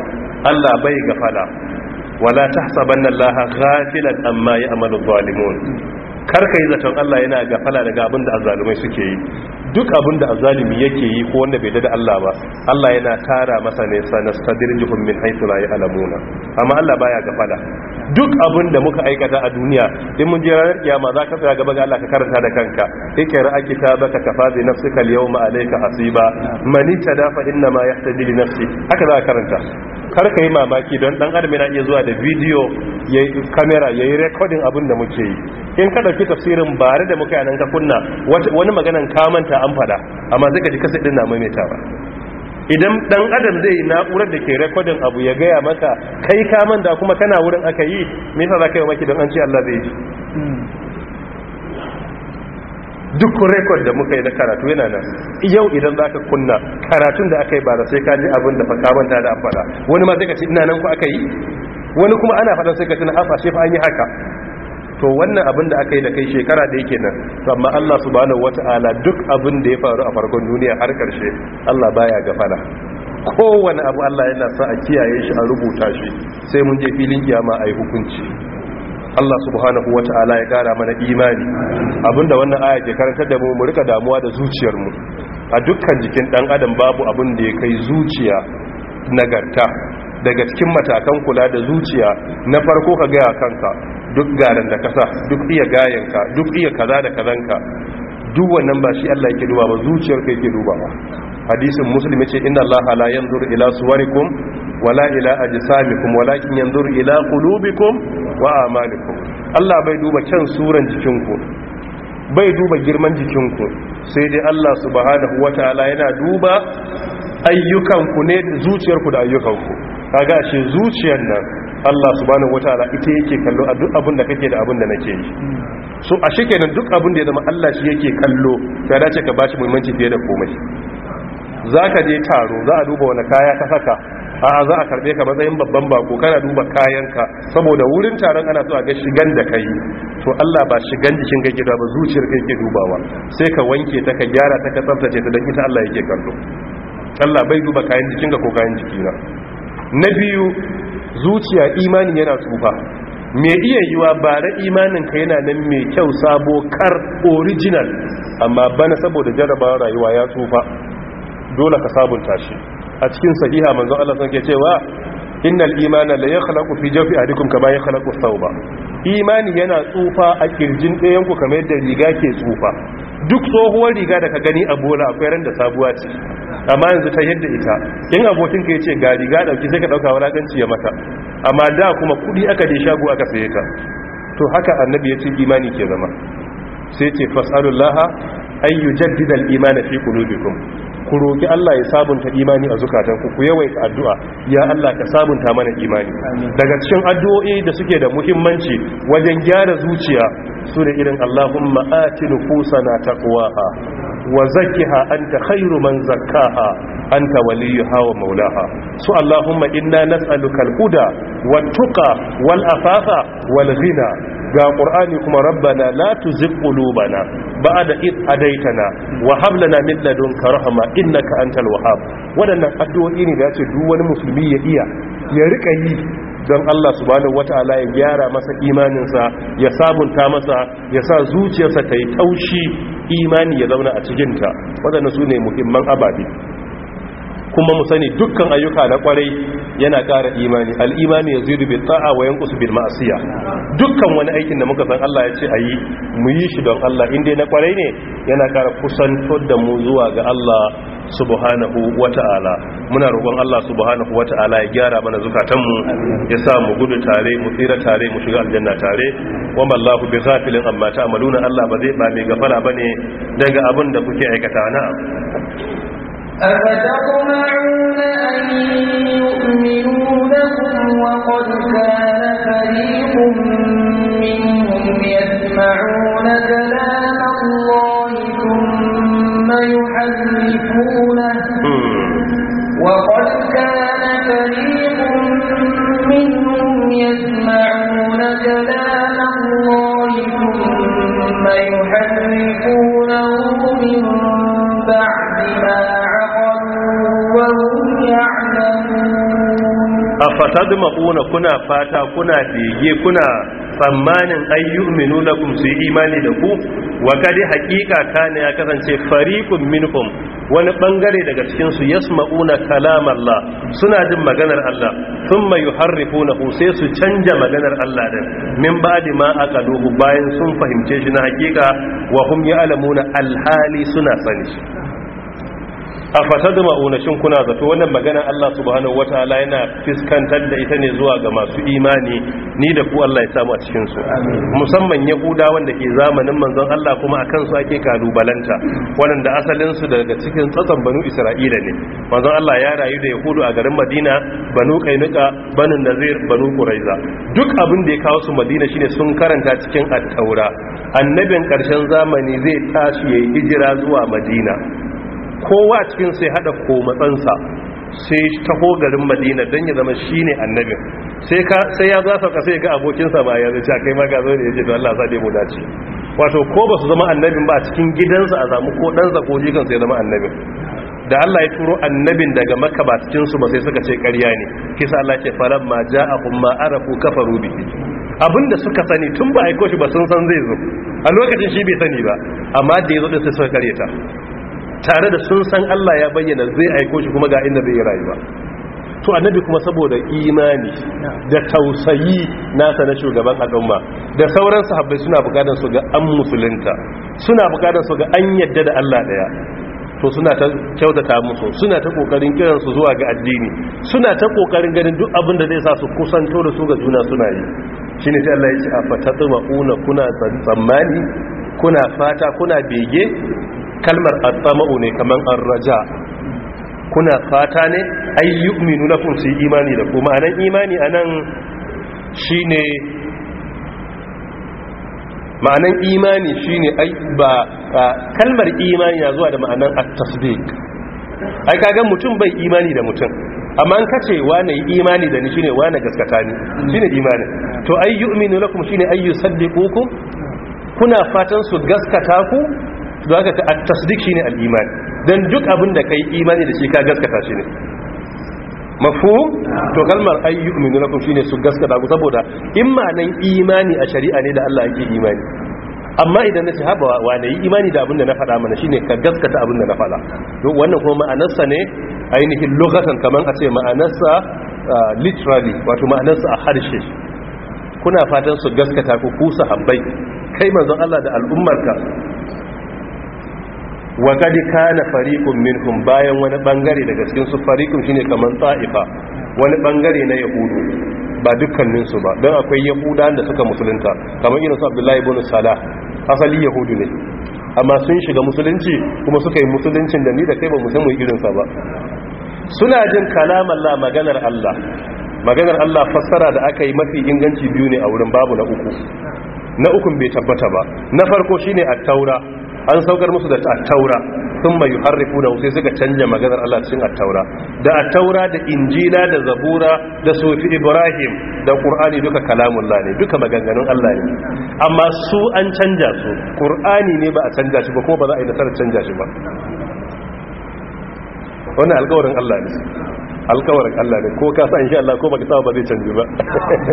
A: Allah bai gafala wala tahsabanna Allah ghafilan amma ya'malu zalimun Kar ka yi zaton Allah yana gafala daga abin da azzalumai suke yi duk abin da azalimi yake yi ko wanda bai dada Allah ba Allah yana tara masa ne jihun min haythu la ya'lamuna amma Allah baya gafala duk abin da muka aikata a duniya in mun je ranar kiyama za ka tsaya gaba ga Allah ka karanta da kanka ikra kitabaka kafa bi nafsika al-yawma alayka hasiba man ta dafa inna ma yahtadi li nafsi haka za ka karanta kar ka yi mamaki don dan adam yana iya zuwa da bidiyo ya yi kamera ya yi rekodin abin da muke yi in ka dauki tafsirin bare da muka yanan ka kunna wani maganan kamanta an fada amma sai ka ji kasar din na ba idan dan adam zai yi na'urar da ke rekodin abu ya gaya maka kai ka da kuma kana wurin aka yi me yasa ka yi maki don an ce Allah zai ji duk rekod da muka yi na karatu yana nan yau idan za ka kunna karatun da aka yi ba da sai ka ji abin da ka manta da an fada wani ma sai ka ci ina nan ku aka yi wani kuma ana fadan sai ka tuna hafa shi fa an yi haka to wannan abin da aka yi da kai shekara da yake nan amma Allah subhanahu wata'ala duk abin da ya faru a farkon duniya har karshe Allah baya gafara kowane abu Allah yana sa a kiyaye shi a rubuta shi sai mun je filin kiyama a yi hukunci Allah subhanahu wata'ala ya kara mana imani abinda wannan aya ke karantar da mu mu rika damuwa da zuciyar mu. a dukkan jikin dan adam babu abin da ya kai zuciya nagarta daga cikin matakan kula da zuciya na farko ka gaya kanka duk garin da kasa duk iya gayanka duk iya kaza da kazanka duk wannan ba shi Allah yake duba ba zuciyarka yake duba ba hadisin muslim yace inna Allah la yanzuru ila suwarikum wala ila ajsamikum walakin yanzuru ila qulubikum wa a'malikum Allah bai duba can suran jikinku bai duba girman jikinku sai dai Allah subhanahu wataala yana duba ayyukanku ne zuciyarku da ayyukanku kaga shi zuciyar nan Allah subhanahu wataala ita yake kallo a duk abin da kake da abin da nake yi so a shi kenan duk abin da ya zama Allah shi yake kallo ta dace ka bashi muhimmanci fiye da komai zaka je taro za a duba wani kaya ka saka a'a za a karbe ka matsayin babban bako kana duba kayanka saboda wurin taron ana so a ga shigan da kai to Allah ba shigan jikin kake da ba zuciyar kake dubawa sai ka wanke ta ka gyara ta ka tsaftace ta don ita Allah yake kallo Allah bai duba kayan jikinka ko kayan jikina na biyu zuciya imanin yana tsufa mai iya yiwa bara imaninka yana nan mai kyau sabo kar original amma bana saboda jarabawa rayuwa ya tsufa dole ka sabunta shi a cikin sahiha manzon Allah sanke cewa innal imana la yakhlaqu fi jawfi ahadikum kama yakhlaqu thawba imani yana tsufa a kirjin ɗayan ku kamar yadda riga ke tsufa duk tsohuwar riga da ka gani a bola akwai ran da sabuwa ce amma yanzu ta yadda ita in abokin ka yace ga riga dauki sai ka dauka wulakanci ya mata amma da kuma kudi aka je shago aka saye ta to haka annabi yace imani ke zama sai ce fasalullah an yujaddida al-iman fi qulubikum ku roki Allah ya sabunta imani a zukatanku ku yawaita addu'a ya Allah ka sabunta mana imani daga cikin addu'o'i da suke da muhimmanci wajen gyara zuciya su da irin Allahumma ati nufusana taqwaha wa zakkiha anta khairu man zakkaha anta waliyuha hawa maulaha su Allahumma inna nas'aluka al-huda wat-tuqa wal-afafa wal-ghina ga qur'ani kuma rabbana la tuzigh qulubana ba'da id hadaitana wa hab lana min ladunka rahma innaka antal wahhab wadannan addu'o'i ne da duk wani musulmi ya iya ya rika yi don Allah subhanahu wata'ala ya gyara masa imaninsa ya sabunta masa ya sa zuciyarsa ta yi taushi imani ya zauna a cikinta waɗanda sune muhimman ababe kuma mu sani dukkan ayyuka na kwarai yana ƙara imani al'imani ya zai bil ta'a wa yanqusu bil ma'asiya dukkan wani aikin da muka san Allah ya ce a yi mu yi shi don Allah in na kwarai ne yana ƙara kusantar da mu zuwa ga Allah subhanahu ta'ala. muna roƙon Allah subhanahu ta'ala ya gyara mana zukatanmu ya sa mu gudu tare mu tsira tare mu shiga aljanna tare wa mallahu bi ghafilin amma ta'maluna Allah ba zai ba mai gafara ne daga abin da kuke aikata na'am
B: أفتطمعون أن يؤمنوا لكم وقد كان فريق منهم يسمعون كلام الله ثم يحرفونه hmm. وقد كان فريق منهم يسمعون كلام الله ثم يحرفونه
A: A afatadmaquna kuna fata kuna bege kuna tsammanin ayyuminu lakum su imani da ku wa kadi haqiqa ne ya kasance fariqun minhum wani ɓangare daga cikin su yasma'una kalam Allah suna jin maganar Allah sun thumma yuharrifunahu sai su canja maganar Allah din min ba'di ma aqaluhu bayan sun fahimce shi na haqiqa wa hum ya'lamuna alhali suna sani a fasadu ma'unashin kuna zato wannan magana Allah subhanahu wa ta'ala yana fiskantar da ita ne zuwa ga masu imani ni da ku Allah ya samu a cikinsu musamman ya yahuda wanda ke zamanin manzon Allah kuma a kansu ake kalubalanta waɗanda asalinsu daga cikin tsatsan banu isra'ila ne manzon Allah ya rayu da yahudu a garin madina banu kainuka banu nazir banu Quraiza. duk abin da ya kawo su madina shine sun karanta cikin attaura annabin karshen zamani zai tashi ya hijira zuwa madina kowa cikin sai hada komatsansa sai taho garin madina don ya zama shi ne annabin sai ya za sauka sai ga abokinsa ba ya zai kai ma ga zo ya ce to Allah daimu dace wato ko ba su zama annabin ba cikin gidansa a zamu ko ɗansa ko jikansa ya zama annabin da Allah ya turo annabin daga maka ba cikin su ba sai suka ce ƙarya ne kisa Allah ke faran ma ja kun ma arafu rubi. Abin da suka sani tun ba aiko shi ba sun san zai zo a lokacin shi bai sani ba amma da ya zo da sai suka karyata tare da sun san Allah ya bayyana zai aiko shi kuma ga inda zai rayu ba to annabi kuma saboda imani da tausayi nasa na shugaban al'umma da sauran sahabbai suna bukatar su ga an musulunta suna bukatar su ga an yadda da Allah daya to suna ta kyautata musu suna ta kokarin kiransu zuwa ga addini suna ta kokarin ganin duk abin da zai sa su kusanto da su ga juna suna yi shine sai Allah ya ce a fatatuma una kuna tsammani kuna fata kuna bege kalmar atsama'u ne kamar an raja kuna fata ne ai yu'minu lakum su imani da kuma anan imani anan shine ma'anan imani shine ai ba kalmar imani na zuwa da ma'anan at-tasdiq ai kaga mutum bai imani da mutum amma an kace wane imani da ni shine wane gaskata ni shine imani to ai yu'minu lakum shine ay yusaddiqukum kuna fatan su gaskata ku zaka a tasdik shine al-imani dan duk abin da kai imani da shi ka gaskata shi ne mafhum to kalmar ayyu'minu lakum shine su gaskata ku saboda imanin nan imani a shari'a ne da Allah yake imani amma idan na ce haba wa ne imani da abin da na faɗa mana shine ka gaskata abin da na faɗa to wannan kuma ma'anarsa ne ainihin lokacin kaman a ce ma'anarsa literally wato ma'anarsa a harshe kuna fatan su gaskata ku kusa sahabbai kai manzon Allah da al'ummarka wa kad kana fariqun minhum bayan wani bangare daga cikin su fariqun shine kaman ta'ifa wani bangare na yahudu ba dukkanin su ba dan akwai yahuda da suka musulunta kamar irin su abdullahi ibn salah asali yahudu ne amma sun shiga musulunci kuma suka yi musuluncin da ni da kai ba mu san mu irin sa ba suna jin kalaman Allah maganar Allah maganar Allah fassara da aka yi mafi inganci biyu ne a wurin babu na uku na ukun bai tabbata ba na farko shine at-taura an saukar musu da attaura sun mai harrifu da sai suka canja maganar Allah cikin attaura da attaura da injila da zabura da sufi ibrahim da qur'ani duka kalamun Allah ne duka maganganun Allah ne amma su an canja su qur'ani ne ba a canja shi ba ko ba za a yi nasarar canja shi ba wannan alƙawarin Allah ne alkawarin Allah ne ko ka sa insha Allah ko baka saba ba zai canji ba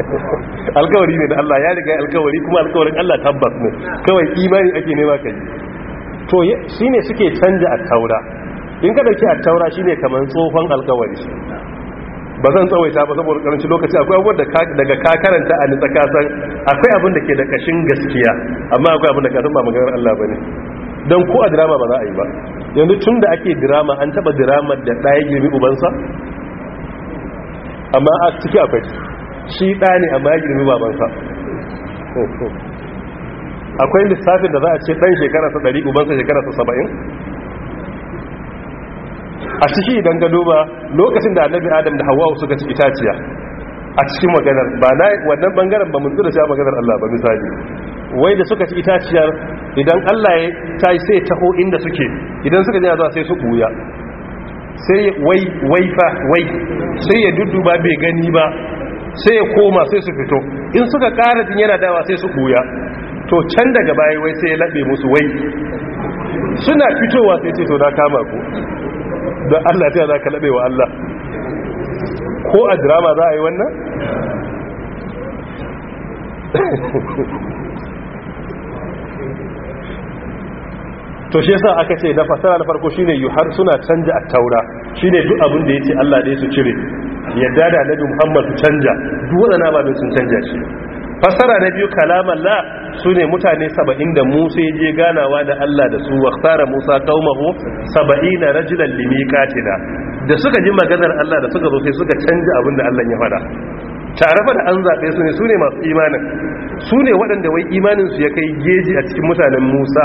A: alkawari ne da Allah ya riga alkawari kuma alkawarin Allah tabbas ne kawai imani ake nema ka yi to shine suke canja a taura in ka dauki a taura shine kamar tsohon alƙawari ba zan tsawaita ba saboda karanci lokaci akwai abubuwan daga ka karanta a nitsa kasan akwai abin da ke da kashin gaskiya amma akwai abin da kasan ba maganar Allah ba ne don ko a dirama ba za a yi ba yanzu tun da ake dirama an taba diramar da ɗaya girmi ubansa amma a ciki akwai shi ɗa ne amma ya girmi babansa akwai lissafin da za a ce ɗan shekararsa ɗari ubansa shekararsa saba'in a ciki idan ga duba lokacin da annabi adam da hawa suka ci itaciya a cikin maganar ba na wannan bangaren ba mun tura shi maganar Allah ba misali wai da suka ci itaciyar idan Allah ya ta sai taho inda suke idan suka ji zuwa sai su buya sai wai wai fa wai sai ya dudduba bai gani ba sai ya koma sai su fito in suka ƙara jin yana dawa sai su buya to can daga baya wai sai ya laɓe musu wai suna fitowa sai ce to na kama ku don allah ta za ka laɓe wa allah ko a drama za a yi wannan? to shi yasa aka ce da fasara na farko shine har suna canja a taura shine duk abin da ya ce Allah da su cire yadda da Annabi Muhammadu canja duk wadana ba ba sun canja shi fasara na biyu kalaman la su ne mutane saba'in da musa ya je ganawa da allah da su waktara musa kaumahu saba'i na rajulan limikatina da suka ji maganar allah da suka zo sai suka canji abin da allah ya fada tare fa da an zaɓe su ne su ne masu imanin su ne waɗanda wai imanin su ya kai geji a cikin mutanen musa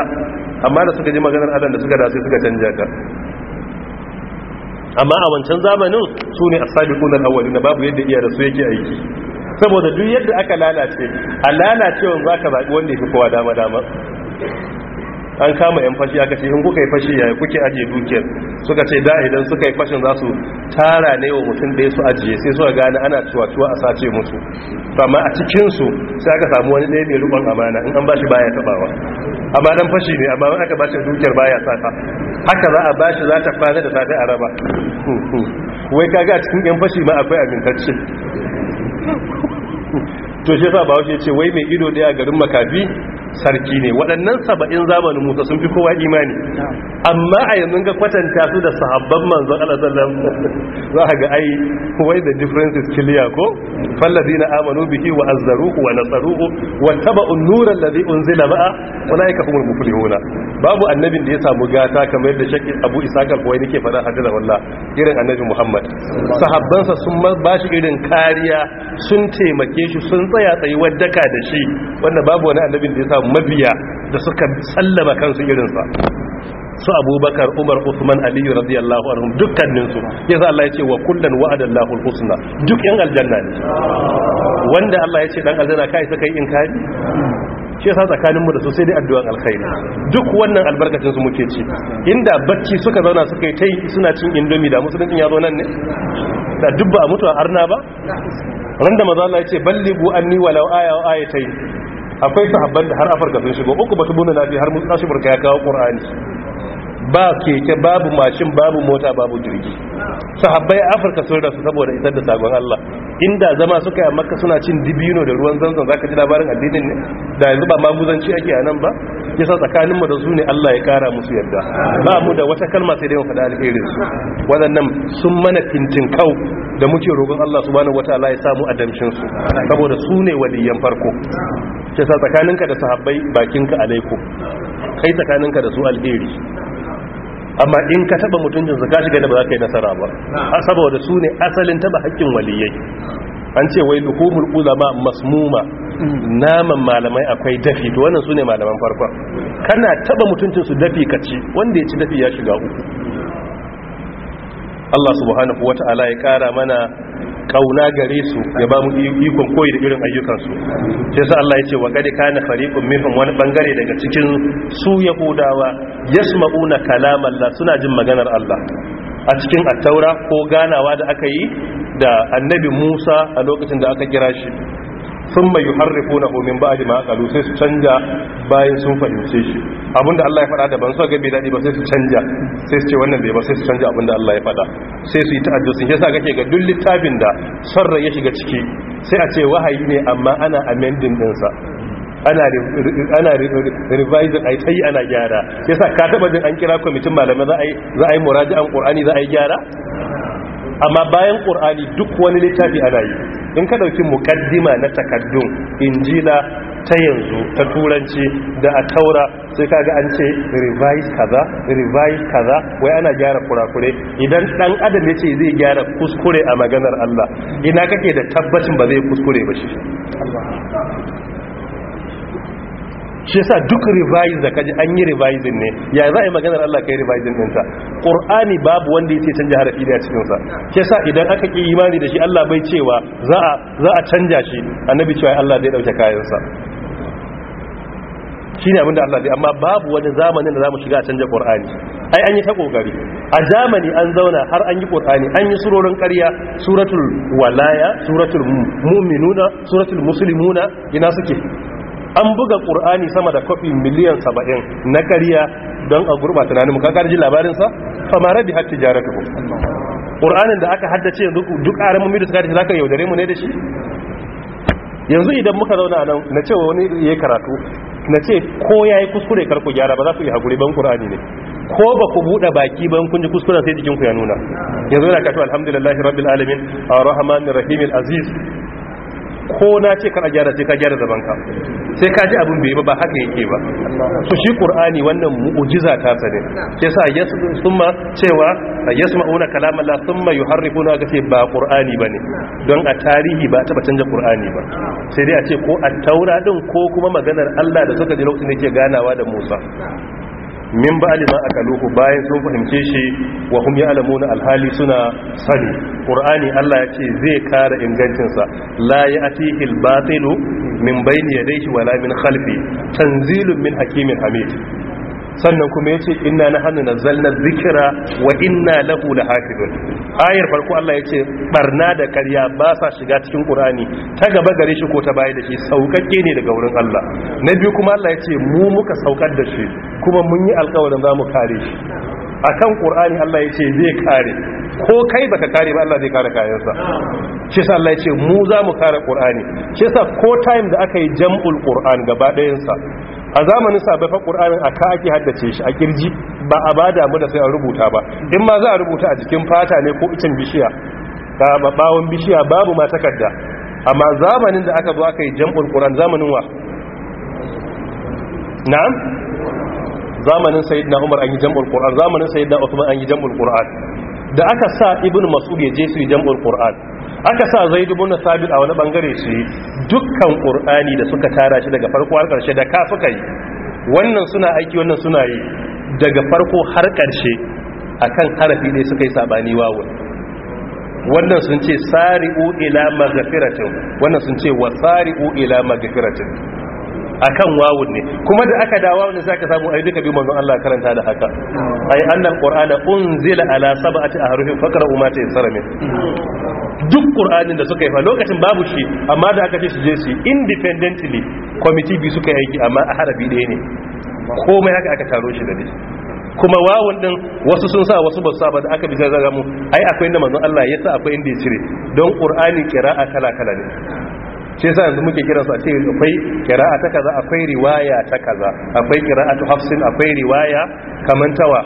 A: amma da suka ji maganar allah da suka dace suka canja ta amma a wancan zamanin su ne a sabiƙunan awali na babu yadda iya da su yake aiki saboda duk yadda aka lalace a lalacewa za ka zaɓi wanda ya fi kowa dama-dama an kama yan fashi aka ce in kuka yi fashi yaya kuke ajiye dukiyar suka ce da idan suka yi fashin za su tara ne wa mutum da su ajiye sai suka gane ana cuwa-cuwa a sace musu amma a cikinsu sai aka samu wani ɗaya mai rubon amana in an bashi baya tabawa amma dan fashi ne amma aka bashi dukiyar baya sata haka za a bashi za ta fara da sadai a raba wai kaga a cikin yan fashi ma akwai amintacce to shi yasa bawo ce wai mai ido daya garin makafi sarki ne waɗannan saba'in zamanin musa sun fi kowa imani amma a yanzu ga kwatanta su da sahabban manzon Allah sallallahu alaihi wasallam za ka ga ai why the difference is clear ko falladina amanu bihi wa azzaruhu wa nasaruhu wa taba'u an-nur alladhi unzila ma'a ulaika humul muflihuna babu annabin da ya samu gata kamar yadda shakki Abu Isa al-Kuwai nake faɗa hadda wallah irin annabi Muhammad sahabbansa sun ba shi irin kariya sun taimake shi sun tsaya tsayi waddaka da shi wanda babu wani annabin da ya samu mabiya da suka sallama kansu irinsa su abubakar umar usman aliyu radiyallahu anhum dukkaninsu ya za Allah ya ce wa kullun wa'adallahu husna duk yan aljanna ne wanda Allah ya ce dan aljanna kai suka yi inkari shi yasa tsakanin mu da su sai dai addu'an alkhairi duk wannan albarkacin su muke ci inda bacci suka zauna suka yi tai suna cin indomi da musulunci ya zo nan ne da dubba a mutuwa arna ba randa maza Allah ya ce ballibu anni walau aya wa ayatai akwai sahabban da har afarka sun shigo uku batu bunu nabi har mutsashi ashibur ya kawo qur'ani ba keke babu mashin babu mota babu jirgi sahabbai afirka sun rasu saboda isar da sabon allah inda zama suka yi a makka suna cin dibino da ruwan zanzan zaka ji labarin addinin ne da yanzu ba maguzanci ake a nan ba yasa tsakanin mu da su ne allah ya kara musu yadda ba mu da wata kalma sai dai mu faɗa alherin su wadannan sun mana fintin kau da muke rogon allah subhanahu wataala ya samu adamshin su saboda su ne waliyan farko yasa tsakaninka da sahabbai bakinka alaikum kai tsakaninka da su alheri amma in ka taba mutuncin su ka shiga da ba za ka yi nasara ba saboda su ne asalin taba haƙƙin waliyai an ce wai luhumul ulama masmuma naman malamai akwai dafi to wannan su ne malaman farko kana taba mutuncin su dafi ka ci wanda ya ci dafi ya shiga uku Allah subhanahu wata'ala ya kara mana kauna gare su ya ba mu ikon koyi da irin ayyukansu sai sa Allah ya ce wa qad kana fariqun minhum wani bangare daga cikin su yahudawa yasma'una kalam Allah suna jin maganar Allah a cikin attaura ko ganawa da aka yi da annabi Musa a lokacin da aka kira shi sun mai yi harrifu na homin ba ji akalu sai su canja bayan sun fahimce shi abinda Allah ya faɗa da ban so gabe daɗi ba sai su canja sai su ce wannan bai ba sai su canja abinda Allah ya faɗa sai su yi ta'ajjo sun yasa gake ga duk littafin da sarra ya shiga ciki sai a ce wahayi ne amma ana amending dinsa ana revising ai tsayi ana gyara yasa ka taba jin an kira kwamitin malamai za a yi za a yi za a yi gyara amma bayan ƙur'ani duk wani littafi ana yi in ka dauki mukaddima na takaddun injila ta yanzu ta turanci da a taura sai kaga an ce revise kaza revise kaza wai ana gyara kurakure idan dan adam yace zai gyara kuskure a maganar Allah ina kake da tabbacin ba zai kuskure ba shi shi yasa duk revise da kaji an yi revising ne ya za a yi maganar Allah kai revising ɗinta ƙur'ani babu wanda ya ce canja harafi da cikin sa shi yasa idan aka ki imani da shi Allah bai cewa za a za a canja shi annabi cewa Allah zai dauke kayan sa shine abin da Allah zai amma babu wani zamanin da zamu shiga a canja ƙur'ani ai an yi ta kokari a zamani an zauna har an yi ƙur'ani an yi surorin ƙarya suratul walaya suratul mu'minuna suratul musulmuna ina suke an buga ƙur'ani sama da kofi miliyan saba'in na kariya don a gurɓa tunanin mukakar ji labarinsa famara bi hatti jara ta ƙur'anin da aka haddace duk aramin da suka dace za ka yaudare mu ne da shi yanzu idan muka zauna nan na ce wani ya karatu na ce ko ya yi kuskure karku gyara ba za ku yi haƙuri ban ƙur'ani ne ko ba ku buɗe baki ban kun ji kuskuren sai jikinku ya nuna yanzu yana kato alhamdulillahi rabbil alamin a rahimin aziz ko na ce kan a gyara sai ka gyara zabanka sai ka ji abin bai ba ba haka yake ba su shi qur'ani wannan mu'jiza ta sa ne sa yasu summa cewa yasma'una kalama la summa yuharrifuna kace ba qur'ani bane don a tarihi ba ta canza qur'ani ba sai dai a ce ko at-taura din ko kuma maganar Allah da suka ji lokacin da yake ganawa da Musa min ba alima akaluhu bayan sun fahimce shi wa hum ya'lamuna alhali suna sani qur'ani Allah ya ce zai kara ingancin sa la ya'tihi albatilu min bayni yadayhi wala min khalfi tanzilun min hakimin hamid sannan kuma ya ce inna na hannu na zalna zikira wa inna lahu da hafidun ayar farko Allah ya ce barna da karya ba sa shiga cikin ƙurani ta gaba gare shi ko ta baya da shi sauƙaƙe ne daga wurin Allah na biyu kuma Allah ya ce mu muka saukar da shi kuma mun yi alƙawarin za mu kare shi kan ƙur'ani Allah ya ce zai kare ko kai baka kare ba Allah zai kare kayansa shi sa Allah ya ce mu za mu kare ƙur'ani shi sa ko time da aka yi jam'ul ƙur'an gaba ɗayansa a zamanin sabai fa a ka ake haddace shi a kirji ba a ba damu da sai a rubuta ba in ma za a rubuta a jikin fata ne ko icin bishiya ta babawan bishiya babu ma takarda amma zamanin da aka zo aka yi jam'ul qur'an zamanin wa na'am zamanin sayyidina umar an yi jam'ul qur'an zamanin sayyidina usman an yi jam'ul qur'an da aka sa ibnu mas'ud ya je su yi jam'ul qur'an aka sa dubu na sabit a wani bangare shi dukkan qur'ani da suka tara shi daga farko har ƙarshe da ka suka yi wannan suna aiki wannan suna yi daga farko har a kan harafi ne suka yi sabani wawon wannan sun ce sari'u ila magafiratin wannan sun ce wa sari'u ila a akan wawun ne kuma da aka wani ne ka samu yi duka biyu manzon Allah karanta da haka
C: yi
A: annan ƙor'ana unzila ala sab'ati ahrufin faqra'u ma tayassara min duk qur'anin da suka yi fa lokacin babu shi amma da aka ce su je su independently committee bi suka yi aiki amma a harabi ɗaya ne komai haka aka taro shi da ne kuma wawun din wasu sun sa wasu ba sa saba da aka bi zaga mu ai akwai inda manzon Allah ya sa akwai inda ya cire don qur'ani qira'a kala kala ne shi yasa yanzu muke kiran su a ce akwai qira'a ta kaza akwai riwaya ta kaza akwai ta hafsin akwai riwaya kamantawa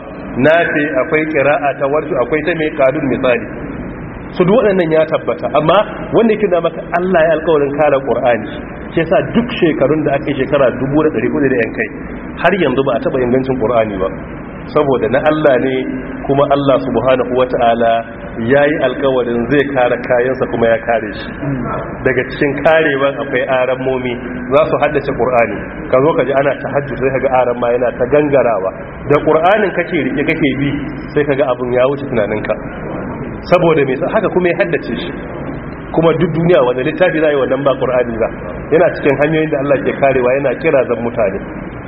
A: nafi akwai qira'a ta warju akwai ta mai kadun misali su duk waɗannan ya tabbata amma wanda yake da maka Allah ya alƙawarin kare Qur'ani ke sa duk shekarun da aka yi shekara 1400 da yan kai har yanzu ba a taɓa ingancin Qur'ani ba saboda na Allah ne kuma Allah subhanahu ya yi alƙawarin zai kare kayansa kuma ya kare shi daga cikin karewa akwai aran momi za su haddace Qur'ani ka zo ka ji ana hajji sai kaga aran ma yana ta gangarawa da Qur'anin kake rike kake bi sai ka ga abin ya wuce tunaninka saboda mai haka kuma ya haddace shi kuma duk duniya wanda littafi za yi wannan ba ƙur'ani ba yana cikin hanyoyin da Allah ke karewa yana kira zan mutane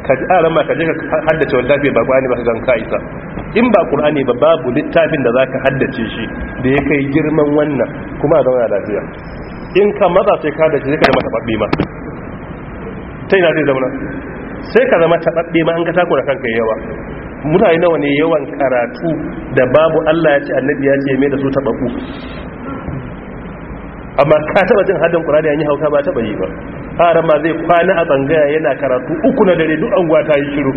A: ka ji aran ma ka je ka haddace wallafi ba ƙur'ani ba ka zan kaisa isa in ba ƙur'ani ba babu littafin da za ka haddace shi da ya kai girman wannan kuma a zauna lafiya in ka maza sai ka haddace sai ka zama taɓaɓɓe ma ta yana zai zauna sai ka zama taɓaɓɓe ma an ka takura kanka yawa mutane nawa ne yawan karatu da babu Allah ya ce annabi ya ce mai da su tabaku amma ka taba jin hadin qur'ani an yi hauka ba taba yi ba haram ma zai kwana a tsangaya yana karatu uku na dare duk an ta yi shiru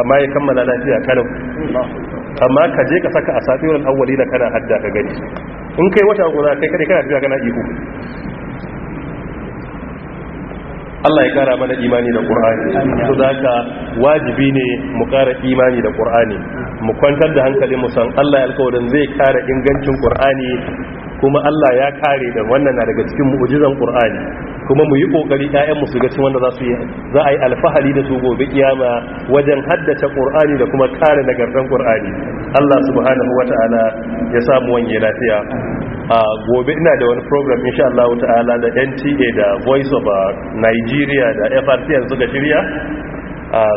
A: amma ya kammala lafiya kalau amma ka je ka saka a safiyar awwali da kana hadda ka gani in kai wata guda kai kada kana tafiya kana iko Allah ya kara mana imani da Qur'ani to zaka wajibi ne mu kara imani da Qur'ani mu kwantar da hankali mu san Allah ya alƙawarin zai kara ingancin Qur'ani kuma Allah ya kare da wannan na daga cikin mu'jizan Qur'ani kuma mu yi kokari ƴaƴanmu su ga cin wanda za su yi za a yi alfahari da su gobe kiyama wajen haddace qur'ani da kuma kare nagartan qur'ani Allah subhanahu wataala ya samu wani lafiya a gobe ina da wani program insha Allah ta'ala da NTA da Voice of uh, Nigeria da FRTN suka shirya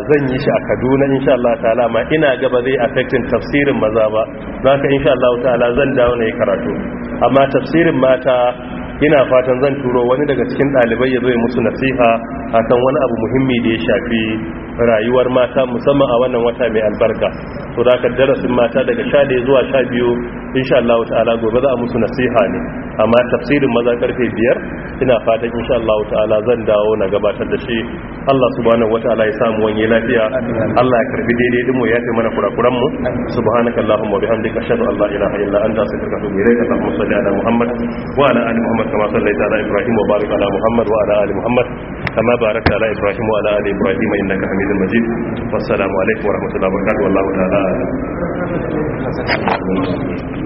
A: zan yi shi a kaduna insha Allah ta'ala ma ina gaba zai affectin tafsirin maza ba zaka ka insha Allah ta'ala zan dawo na yi karatu amma tafsirin mata ina fatan zan turo wani daga cikin ɗalibai ya zai musu nasiha a kan wani abu muhimmi da ya shafi rayuwar mata musamman a wannan wata mai albarka to da ka darasin mata daga sha ɗaya zuwa sha biyu insha Allah ta'ala gobe za a musu nasiha ne amma tafsirin maza karfe biyar ina fatan insha Allah ta'ala zan dawo na gabatar da shi Allah subhanahu wata'ala ya samu wani lafiya Allah ya karbi daidai din mu ya fi mana kurakuran mu subhanaka allahumma wa bihamdika ashhadu an la ilaha illa anta astaghfiruka wa atubu ilaik allahumma salli ala muhammad wa ala ali muhammad كما صليت على إبراهيم وبارك على محمد وعلى آل محمد كما باركت على إبراهيم وعلى آل إبراهيم إنك حميد مجيد والسلام عليكم ورحمة الله وبركاته والله
C: تعالى